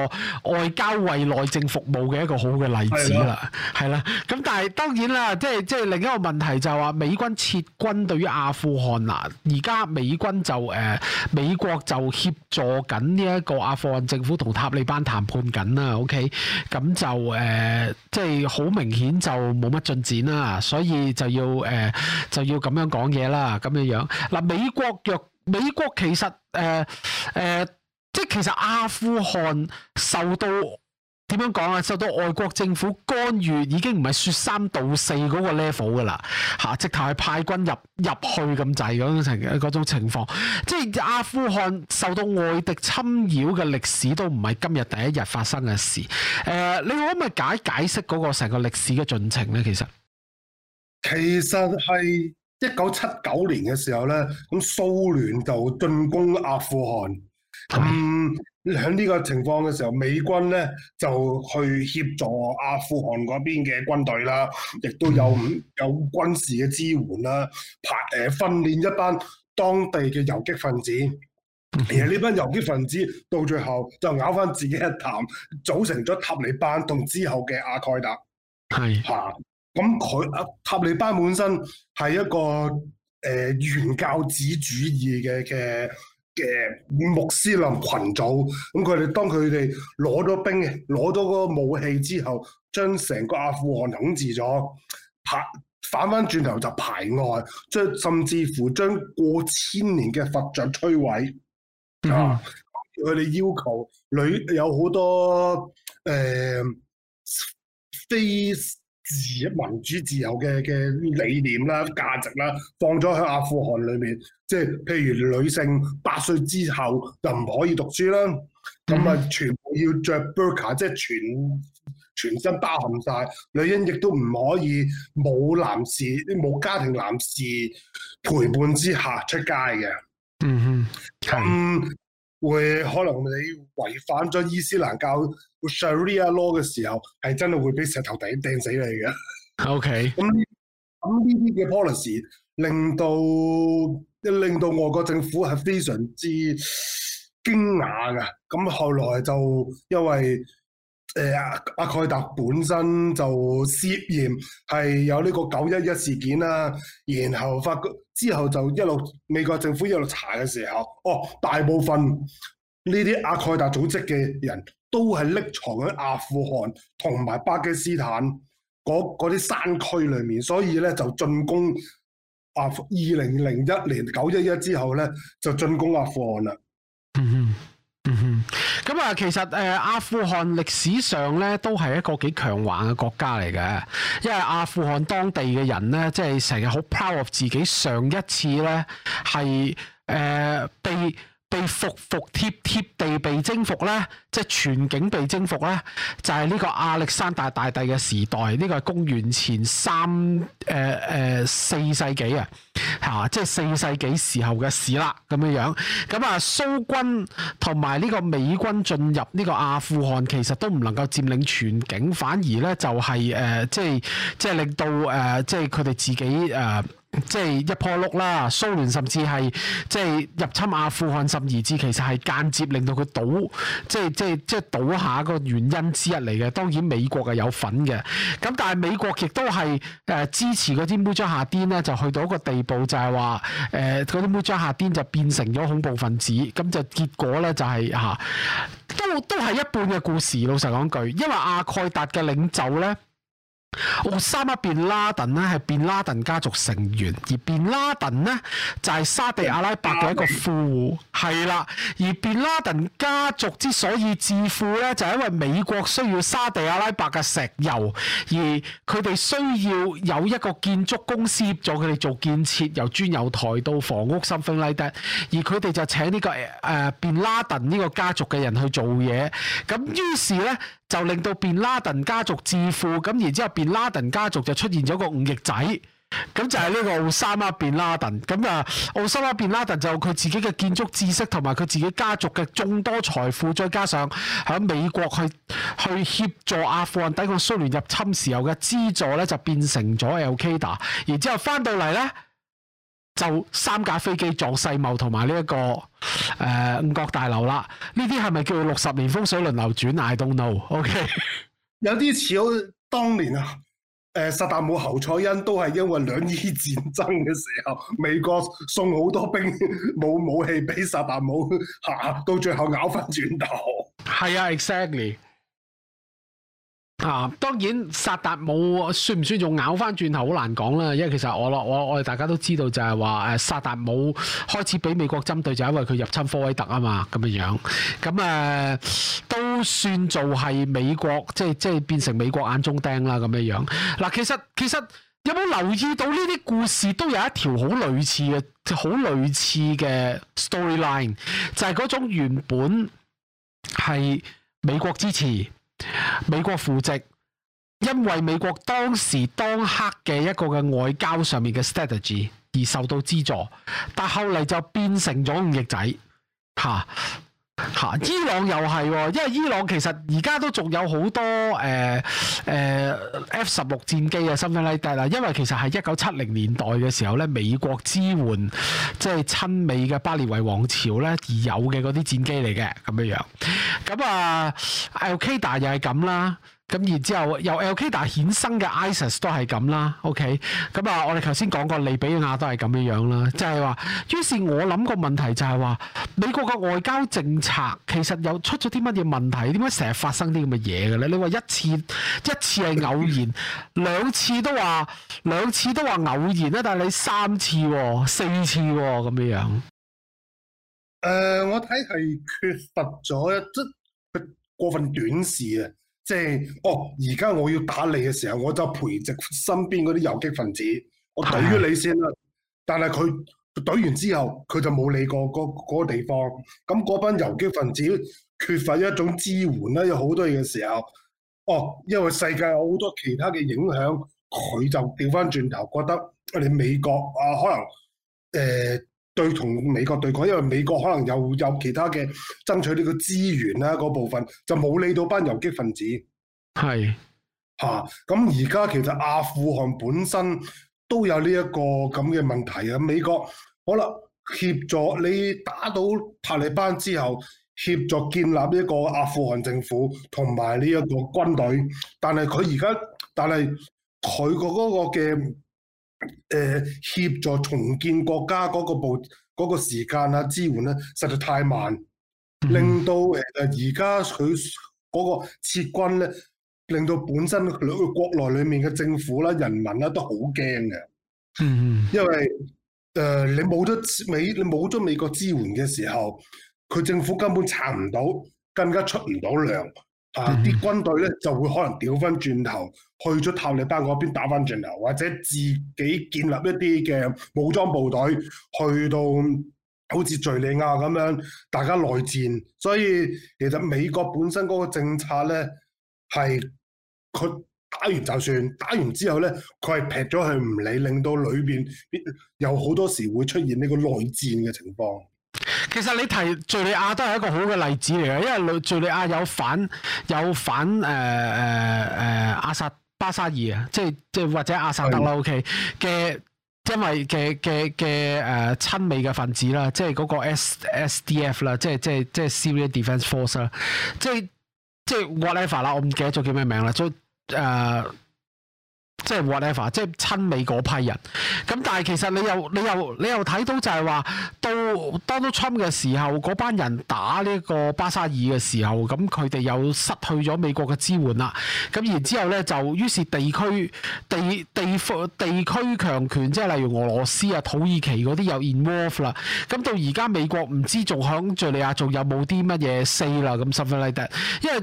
外交為內政服務嘅一個好嘅例子啦，係啦的。咁但係當然啦，即係即係另一個問題就係話美軍撤軍對於阿富汗嗱，而家美軍就誒、呃、美國就協助緊呢一個阿富汗政府同塔利班談判緊啦，OK？咁就誒即係好明顯就冇乜進展啦，所以就要誒、呃、就要咁樣講嘢啦，咁嘅樣嗱、呃，美國若美國其實誒誒、呃呃，即係其實阿富汗受到點樣講啊？受到外國政府干預已經唔係說三道四嗰個 level 噶啦，吓、啊、直頭係派軍入入去咁滯嗰種情嗰種情況，即係阿富汗受到外敵侵擾嘅歷史都唔係今日第一日發生嘅事。誒、呃，你可唔可以解解釋嗰個成個歷史嘅進程咧？其實其實係。一九七九年嘅時候咧，咁蘇聯就進攻阿富汗。咁喺呢個情況嘅時候，美軍咧就去協助阿富汗嗰邊嘅軍隊啦，亦都有有軍事嘅支援啦，拍誒訓練一班當地嘅游擊分子。而呢班游擊分子到最後就咬返自己一啖，組成咗塔利班同之後嘅阿蓋達。係是。啊咁佢啊，塔利班本身係一個誒、呃、原教旨主義嘅嘅嘅穆斯林群組，咁佢哋當佢哋攞咗兵、攞咗個武器之後，將成個阿富汗統治咗，排反翻轉頭就排外，將甚至乎將過千年嘅佛像摧毀，啊、嗯哼！佢哋要求女有好多誒、呃、非。自民主自由嘅嘅理念啦、價值啦，放咗喺阿富汗裏面，即係譬如女性八歲之後就唔可以讀書啦，咁啊、嗯、全部要着 Burqa，即係全全身包含晒。女人亦都唔可以冇男士冇家庭男士陪伴之下出街嘅。嗯哼，係、嗯。會可能你違反咗伊斯蘭教 Sharia law 嘅時候，係真係會俾石頭頂掟死你嘅。OK，咁咁呢啲嘅 policy 令到令到外國政府係非常之驚訝嘅。咁、嗯、後來就因為。誒啊、欸！阿蓋達本身就涉嫌係有呢個九一一事件啦、啊，然後發覺之後就一路美國政府一路查嘅時候，哦，大部分呢啲阿蓋達組織嘅人都係匿藏喺阿富汗同埋巴基斯坦嗰啲山區裏面，所以咧就進攻，啊，二零零一年九一一之後，咧就進攻阿富汗啦。咁啊，其實誒、呃、阿富汗歷史上咧都係一個幾強橫嘅國家嚟嘅，因為阿富汗當地嘅人咧，即係成日好 proud of 自己。上一次咧係誒被。被服服貼貼地被征服咧，即係全境被征服咧，就係、是、呢個亞歷山大大帝嘅時代，呢、這個係公元前三誒誒、呃呃、四世紀啊，吓，即係四世紀時候嘅事啦咁嘅樣。咁啊，蘇軍同埋呢個美軍進入呢個阿富汗，其實都唔能夠佔領全境，反而咧就係、是、誒、呃，即係即係令到誒、呃，即係佢哋自己誒。呃即係一破屋啦，蘇聯甚至係即係入侵阿富汗，甚至其實係間接令到佢倒，即係即係即係倒下個原因之一嚟嘅。當然美國係有份嘅，咁但係美國亦都係誒支持嗰啲 Mujahideen 咧，adin，就去到一個地步就，就係話誒嗰啲 Mujahideen 就變成咗恐怖分子，咁就結果咧就係、是、嚇、啊、都都係一半嘅故事。老實講句，因為阿蓋達嘅領袖咧。我、哦、三一變拉頓咧，係變拉頓家族成員，而變拉頓呢就係、是、沙地阿拉伯嘅一個富戶，係啦。而變拉頓家族之所以致富咧，就係、是、因為美國需要沙地阿拉伯嘅石油，而佢哋需要有一個建築公司助佢哋做建設，由磚有台到房屋 s o m e 而佢哋就請呢、這個誒變、呃、拉頓呢個家族嘅人去做嘢，咁於是咧就令到變拉頓家族致富，咁然之後。變拉登家族就出現咗個五翼仔，咁就係呢個奧沙瑪變拉登，咁啊奧沙瑪變拉登就佢自己嘅建築知識同埋佢自己家族嘅眾多財富，再加上喺美國去去協助阿富汗抵抗蘇聯入侵時候嘅資助咧，就變成咗 Al Qaeda。然之後翻到嚟咧，就三架飛機撞世貿同埋呢一個誒、呃、五角大樓啦。呢啲係咪叫六十年風水輪流轉？I don't know okay。OK，有啲似。當年啊，誒、呃，薩達姆侯賽恩都係因為兩伊戰爭嘅時候，美國送好多兵冇武，武器俾薩達姆，吓、啊、到最後咬翻轉頭。係啊，exactly 啊，當然薩達姆算唔算仲咬翻轉頭好難講啦，因為其實我咯，我我哋大家都知道就係話誒，薩、呃、達姆開始俾美國針對就係因為佢入侵科威特啊嘛，咁嘅樣，咁、啊、誒都。都算做係美國，即係即係變成美國眼中釘啦咁樣樣。嗱，其實其實有冇留意到呢啲故事都有一條好類似嘅，好類似嘅 storyline，就係嗰種原本係美國支持、美國扶植，因為美國當時當刻嘅一個嘅外交上面嘅 strategy 而受到資助，但後嚟就變成咗逆仔吓。啊吓、啊，伊朗又係，因為伊朗其實而家都仲有好多誒誒、呃呃、F 十六戰機啊，新分類啦。因為其實係一九七零年代嘅時候咧，美國支援即係親美嘅巴列維王朝咧而有嘅嗰啲戰機嚟嘅咁樣樣。咁啊，Al Qaeda 又係咁啦。咁然之後由 L K 達衍生嘅 ISIS 都係咁啦，OK？咁、嗯、啊，我哋頭先講個利比亞都係咁嘅樣啦，即係話。於是我諗個問題就係話，美國嘅外交政策其實有出咗啲乜嘢問題？點解成日發生啲咁嘅嘢嘅咧？你話一次一次係偶然 [LAUGHS] 兩，兩次都話兩次都話偶然咧，但係你三次、四次咁嘅樣。誒、呃，我睇係缺乏咗，即係過分短視啊！即係，哦，而家我要打你嘅時候，我就培植身邊嗰啲遊擊分子，的我隊咗你先啦。但係佢隊完之後，佢就冇理過嗰個地方。咁嗰班遊擊分子缺乏一種支援啦，有好多嘢嘅時候，哦，因為世界有好多其他嘅影響，佢就調返轉頭覺得你美國啊，可能誒。呃對同美國對抗，因為美國可能又有，有其他嘅爭取呢個資源啦，嗰部分就冇理到班遊擊分子。係嚇是，咁而家其實阿富汗本身都有呢一個咁嘅問題啊。美國好啦，協助你打倒塔利班之後，協助建立呢個阿富汗政府同埋呢一個軍隊，但係佢而家但係佢個嗰個嘅。誒，協、呃、助重建國家嗰個步，嗰、那個時間啊，支援咧、啊，實在太慢，mm hmm. 令到誒而家佢嗰個撤軍咧，令到本身嗰個國內裏面嘅政府啦、啊、人民啦、啊，都好驚嘅。嗯、mm，hmm. 因為誒你冇咗美，你冇咗美國支援嘅時候，佢政府根本撐唔到，更加出唔到糧，mm hmm. 啊，啲軍隊咧就會可能調返轉頭。去咗塔利班嗰邊打翻轉頭，或者自己建立一啲嘅武裝部隊，去到好似敘利亞咁樣，大家內戰。所以其實美國本身嗰個政策咧，係佢打完就算，打完之後咧，佢係劈咗佢唔理，令到裏邊有好多時會出現呢個內戰嘅情況。其實你提敘利亞都係一個好嘅例子嚟嘅，因為敘敘利亞有反有反誒誒誒阿薩。巴沙爾啊，即係即係或者阿薩德啦，OK 嘅，的因為嘅嘅嘅誒親美嘅分子啦，即係嗰個 S S D F 啦，即係即係即係 Syrian Defence Force 啦，即係即係 whatever 啦，我唔記得咗叫咩名啦，所以誒。呃即係 whatever，即係親美嗰批人。咁但係其實你又你又你又睇到就係話，到 Donald Trump 嘅時候，嗰班人打呢個巴沙爾嘅時候，咁佢哋又失去咗美國嘅支援啦。咁然之後呢，就於是地區地地地，地區強權，即係例如俄羅斯啊、土耳其嗰啲又 involve 啦。咁到而家美國唔知仲響敘利亞仲有冇啲乜嘢 say 啦，咁 something like that，因為。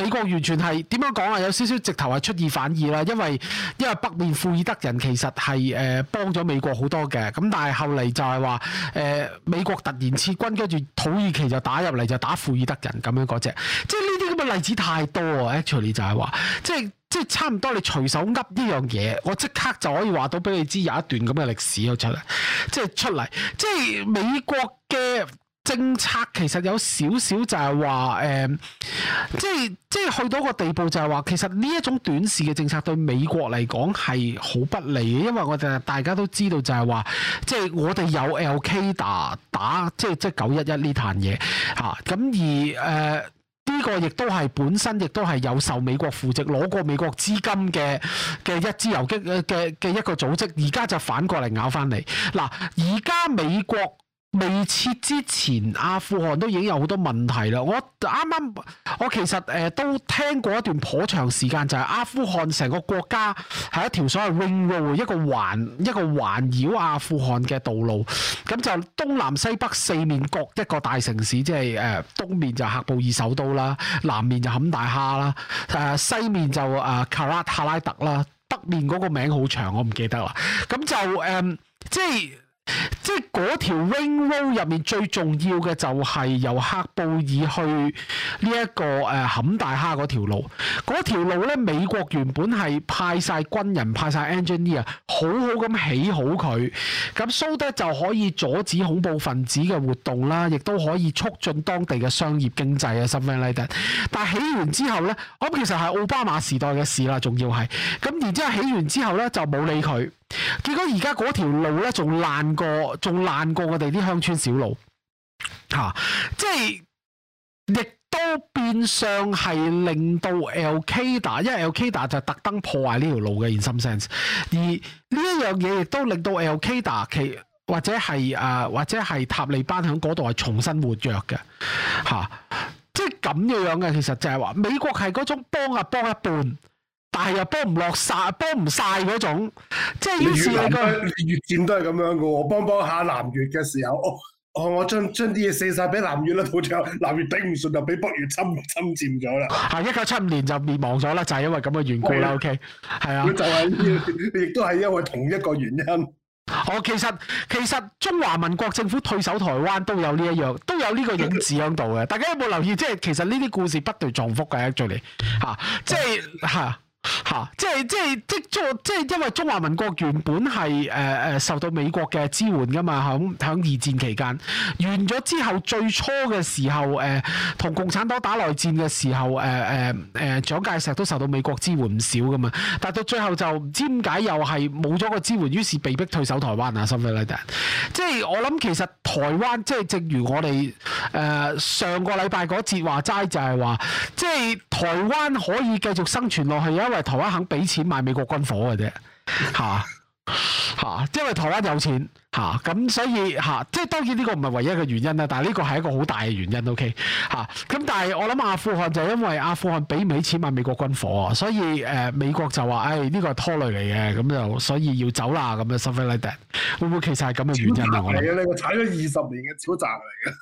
美國完全係點樣講啊？有少少直頭係出爾反爾啦，因為因為北面庫爾德人其實係誒、呃、幫咗美國好多嘅，咁但係後嚟就係話誒美國突然撤軍，跟住土耳其就打入嚟就打庫爾德人咁樣嗰隻，即係呢啲咁嘅例子太多 actually 就係話，即係即係差唔多你隨手噏呢樣嘢，我即刻就可以話到俾你知有一段咁嘅歷史出嚟，即係出嚟，即係美國嘅，政策其實有少少就係話誒，即係即係去到個地步就係話，其實呢一種短視嘅政策對美國嚟講係好不利嘅，因為我哋大家都知道就係話，即係我哋有 Al Qaeda 打打即係即係九一一呢壇嘢嚇，咁、啊、而誒呢、呃呢個亦都係本身亦都係有受美國扶植、攞過美國資金嘅嘅一支游擊嘅嘅一個組織，而家就反過嚟咬翻嚟。嗱、啊，而家美國。未撤之前，阿富汗都已經有好多問題啦。我啱啱我其實誒、呃、都聽過一段頗長時間，就係、是、阿富汗成個國家係一條所謂 Ring Road，一個環一個環繞阿富汗嘅道路。咁就東南西北四面各一個大城市，即係誒、呃、東面就喀布爾首都啦，南面就坎大哈啦，誒、呃、西面就誒喀、呃、拉特哈拉特啦，北面嗰個名好長，我唔記得啦。咁就誒、呃、即係。即係嗰條 ring road 入面最重要嘅就係由喀布爾去呢、這、一個誒坎、呃、大哈嗰條路。嗰條路咧，美國原本係派晒軍人派晒 engineer，好好咁起好佢，咁 so that 就可以阻止恐怖分子嘅活動啦，亦都可以促進當地嘅商業經濟啊。something like that 但係起完之後咧，咁其實係奧巴馬時代嘅事啦，仲要係，咁然之後起完之後咧就冇理佢。結果而家嗰條路咧，仲爛過，仲爛過我哋啲鄉村小路，吓、啊，即係亦都變相係令到 Al Qaeda，因為 Al Qaeda 就特登破壞呢條路嘅。In some sense，而呢一樣嘢亦都令到 Al Qaeda 其或者係誒、啊、或者係塔利班響嗰度係重新活躍嘅，吓、啊，即係咁嘅樣嘅。其實就係話美國係嗰種幫啊幫一半。但係又幫唔落晒，幫唔晒嗰種，即係呢次你個越戰都係咁樣噶，我幫幫下南越嘅時候，我我我將將啲嘢射晒俾南越啦，好最南越頂唔順就俾北越侵侵占咗啦。係一九七五年就滅亡咗啦，就係、是、因為咁嘅緣故啦。O K，係啊，OK 就係亦都係因為同一個原因。哦，其實其實中華民國政府退守台灣都有呢一樣，都有呢個影子喺度嘅。大家有冇留意？即係其實呢啲故事不斷撞複嘅，Julie，吓，即係吓。啊吓，即係即係即即係因為中華民國原本係誒誒受到美國嘅支援噶嘛，響響二戰期間完咗之後，最初嘅時候誒同共產黨打內戰嘅時候，誒誒誒蔣介石都受到美國支援唔少噶嘛，但到最後就唔知點解又係冇咗個支援，於是被逼退守台灣啊 s i m、mm hmm. 即係我諗其實台灣即係正如我哋誒、呃、上個禮拜嗰節話齋就係話，即係台灣可以繼續生存落去因為台灣肯俾錢買美國軍火嘅啫，吓吓，因為台灣有錢吓，咁所以吓，即係當然呢個唔係唯一嘅原因啦，但係呢個係一個好大嘅原因，O K，吓，咁、okay? 但係我諗阿富汗就因為阿富汗俾唔起錢買美國軍火啊，所以誒美國就話誒呢個係拖累嚟嘅，咁就所以要走啦，咁樣。something like that 會唔會其實係咁嘅原因啊？你我哋係啊，踩咗二十年嘅沼澤嚟嘅。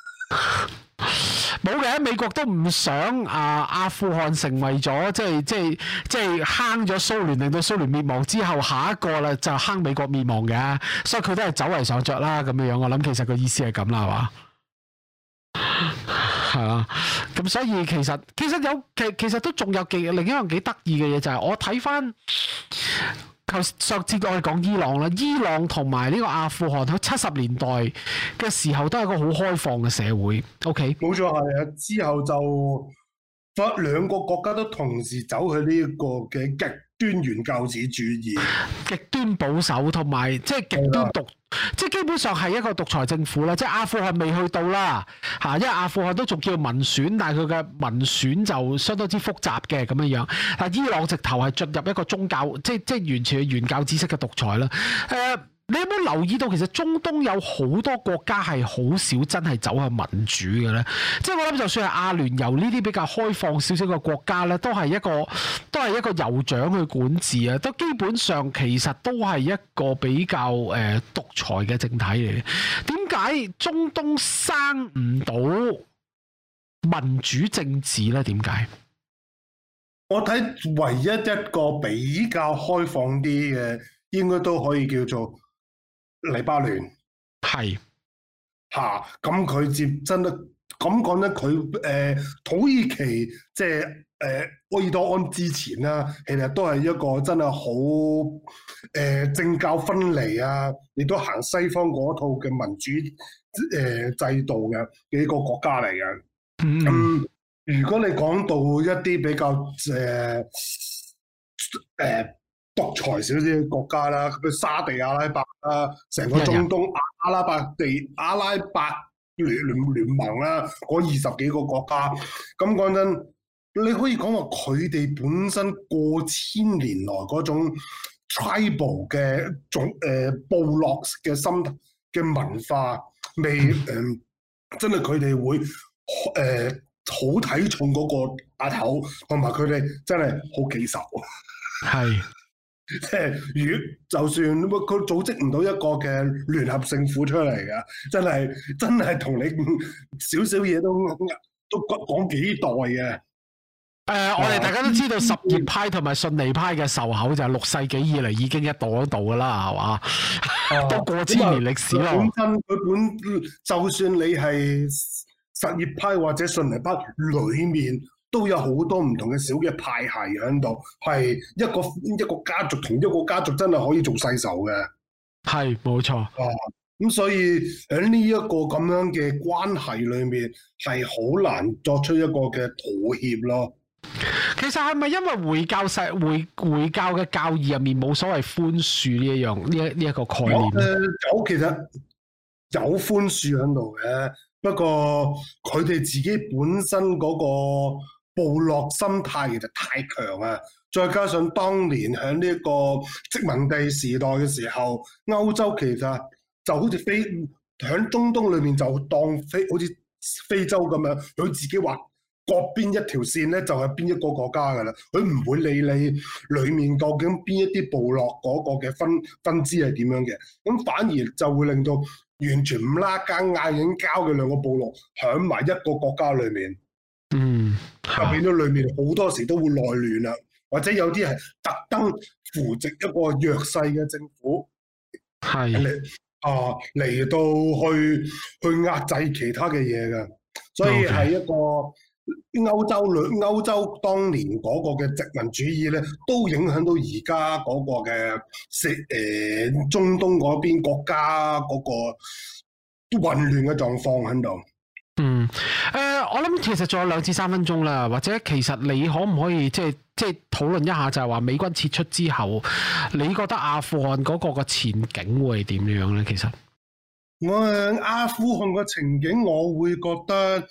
冇嘅，美國都唔想啊，阿富汗成為咗即係即係即係坑咗蘇聯，令到蘇聯滅亡之後下一個啦，就坑美國滅亡嘅，所以佢都係走為上着啦。咁樣樣，我諗其實個意思係咁啦，係嘛，係嘛。 [LAUGHS] 咁所以其實其實有其其實都仲有幾另一樣幾得意嘅嘢，就係我睇翻。上次我哋講伊朗啦，伊朗同埋呢個阿富汗喺七十年代嘅時候都係一個好開放嘅社會，OK？冇錯，係啊，之後就兩個國家都同時走去呢個嘅極。端原教旨主義，極端保守同埋的即係極端獨，即係基本上係一個獨裁政府啦。即係阿富汗未去到啦，吓，因為阿富汗都仲叫民選，但係佢嘅民選就相當之複雜嘅咁樣樣。但伊朗直頭係進入一個宗教，即係即係完全係原教旨嘅獨裁啦。誒、呃。你有冇留意到，其實中東有好多國家係好少真係走向民主嘅呢？即係我諗，就算係阿聯酋呢啲比較開放少少嘅國家呢，都係一個都係一個酋長去管治啊，都基本上其實都係一個比較誒、呃、獨裁嘅政體嚟嘅。點解中東生唔到民主政治呢？點解？我睇唯一一個比較開放啲嘅，應該都可以叫做。黎巴嫩係吓，咁佢是、啊、接真得。咁講咧，佢誒、呃、土耳其即係誒埃爾多安之前啦，其實都係一個真係好誒、呃、政教分離啊，亦都行西方嗰套嘅民主誒、呃、制度嘅幾個國家嚟嘅。咁、嗯嗯、如果你講到一啲比較誒誒。呃呃國財少啲國家啦，沙地阿拉伯啦，成個中東的阿拉伯地阿拉伯聯盟啦，嗰二十幾個國家，咁講真，你可以講話佢哋本身過千年來嗰種 t r i b a l 嘅族誒、呃、部落嘅心嘅文化，未誒、呃、真係佢哋會誒、呃、好睇重嗰個阿頭，同埋佢哋真係好記仇。係。即係，如果就算咁，佢組織唔到一個嘅聯合政府出嚟噶，真係真係同你少少嘢都都講幾代嘅。誒、呃，吧我哋大家都知道，什為葉派同埋遜尼派嘅仇口就係六世紀以嚟已經一度一度噶啦，係嘛？ [LAUGHS] 都過千年歷史啦為。為史本就算你係什葉派或者遜尼派裏面。都有好多唔同嘅小嘅派系喺度，係一個一個家族同一個家族真係可以做世仇嘅，係冇錯啊。咁、嗯、所以喺呢一個咁樣嘅關係裏面，係好難作出一個嘅妥協咯。其實係咪因為回教世回回教嘅教義入面冇所謂寬恕呢一樣呢一呢一個概念？誒、呃，有其實有寬恕喺度嘅，不過佢哋自己本身嗰、那個。部落心態其實太強啊！再加上當年喺呢個殖民地時代嘅時候，歐洲其實就好似非喺中東裏面就當非好似非洲咁樣，佢自己話各邊一條線呢，就係邊一個國家噶啦。佢唔會理你裏面究竟邊一啲部落嗰個嘅分分支係點樣嘅，咁反而就會令到完全唔拉更嗌緊交嘅兩個部落喺埋一個國家裏面。就變咗裏面好多時都會內亂啦，或者有啲係特登扶植一個弱勢嘅政府嚟的啊嚟到去去壓制其他嘅嘢噶，所以係一個歐洲兩歐洲當年嗰個嘅殖民主義咧，都影響到而家嗰個嘅食誒中東嗰邊國家嗰個混亂嘅狀況喺度。嗯，誒、呃，我諗其實仲有兩至三分鐘啦，或者其實你可唔可以即係即係討論一下，就係話美軍撤出之後，你覺得阿富汗嗰個個前景會係點樣咧？其實我、嗯、阿富汗個情景，我會覺得，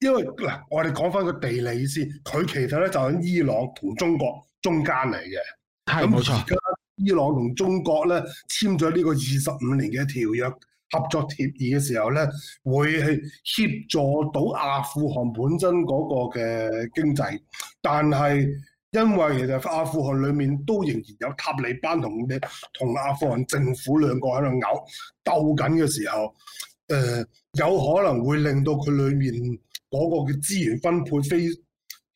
因為嗱，我哋講翻個地理先，佢其實咧就喺、是、伊朗同中國中間嚟嘅，係冇是、嗯、錯。伊朗同中國咧簽咗呢個二十五年嘅條約。合作協議嘅時候咧，會係協助到阿富汗本身嗰個嘅經濟，但係因為其實阿富汗裡面都仍然有塔利班同你同阿富汗政府兩個喺度咬鬥緊嘅時候，誒、呃、有可能會令到佢裡面嗰個嘅資源分配非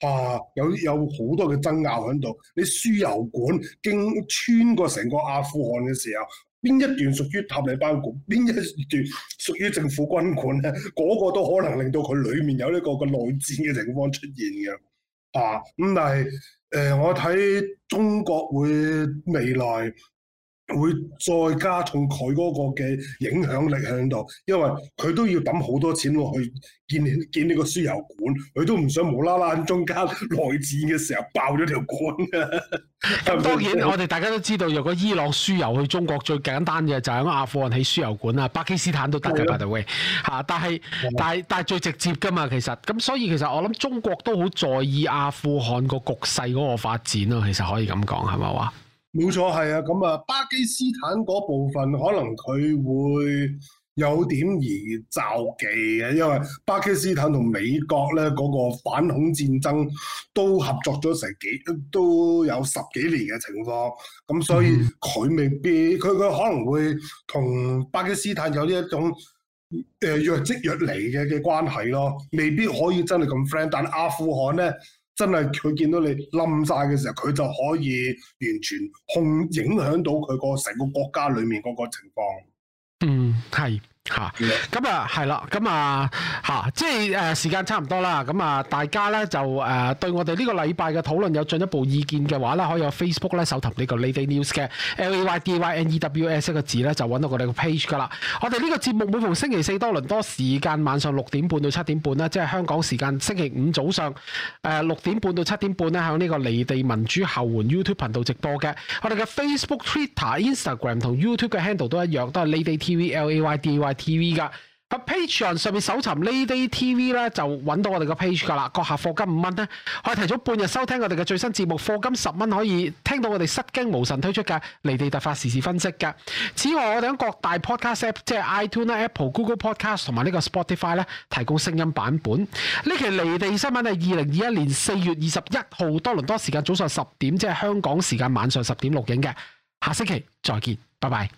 啊有有好多嘅爭拗喺度，你輸油管經穿過成個阿富汗嘅時候，邊一段屬於塔利班管，邊一段屬於政府軍管咧，嗰、那個都可能令到佢裡面有呢個個內戰嘅情況出現嘅，啊，咁但係誒、呃，我睇中國會未來。會再加重佢嗰個嘅影響力喺度，因為佢都要抌好多錢落去建建呢個輸油管，佢都唔想無啦啦喺中間內戰嘅時候爆咗條管啊！當然，我哋大家都知道，如果伊朗輸油去中國最簡單嘅就係阿富汗起輸油管啊，巴基斯坦都得嘅，by the way 吓。但係但係但係最直接噶嘛，其實咁所以其實我諗中國都好在意阿富汗個局勢嗰個發展咯，啊，其實可以咁講係咪話？冇錯，係啊，咁啊，巴基斯坦嗰部分可能佢會有點而罩忌嘅，因為巴基斯坦同美國咧嗰、嗰個反恐戰爭都合作咗成幾都有十幾年嘅情況，咁所以佢未必，佢佢、嗯、可能會同巴基斯坦有呢一種誒、呃、若即若離嘅嘅關係咯，未必可以真係咁 friend，但阿富汗咧。真係佢見到你冧晒嘅時候，佢就可以完全控影響到佢個成個國家裡面嗰個情況。嗯，係。嚇，咁啊，係啦，咁啊，嚇、啊啊啊，即係誒、呃、時間差唔多啦，咁啊，大家咧就誒、呃、對我哋呢個禮拜嘅討論有進一步意見嘅話咧，可以喺 Facebook 咧搜尋呢個 Lady News 嘅 L A Y D Y N E W S 呢個字咧，就揾到我哋個 page 㗎啦。我哋呢個節目每逢星期四多倫多時間晚上六點半到七點半啦，即係香港時間星期五早上誒六、呃、點半到七點半咧，喺呢個離地民主後援 YouTube 頻道直播嘅。我哋嘅 Facebook、Twitter、Instagram 同 YouTube 嘅 handle 都一樣，都係 Lady TV L A Y D TV 噶，喺 Patreon 上面搜尋 TV 呢啲 TV 咧，就揾到我哋個 page 噶啦。各客課金五蚊咧，可以提早半日收聽我哋嘅最新節目。課金十蚊可以聽到我哋失驚無神推出嘅離地突發時事分析嘅。此外，我哋喺各大 podcast app，即係 iTune 咧、Apple、Google Podcast 同埋呢個 Spotify 咧，提供聲音版本。呢期離地新聞係二零二一年四月二十一號多倫多時間早上十點，即係香港時間晚上十點錄影嘅。下星期再見，拜拜。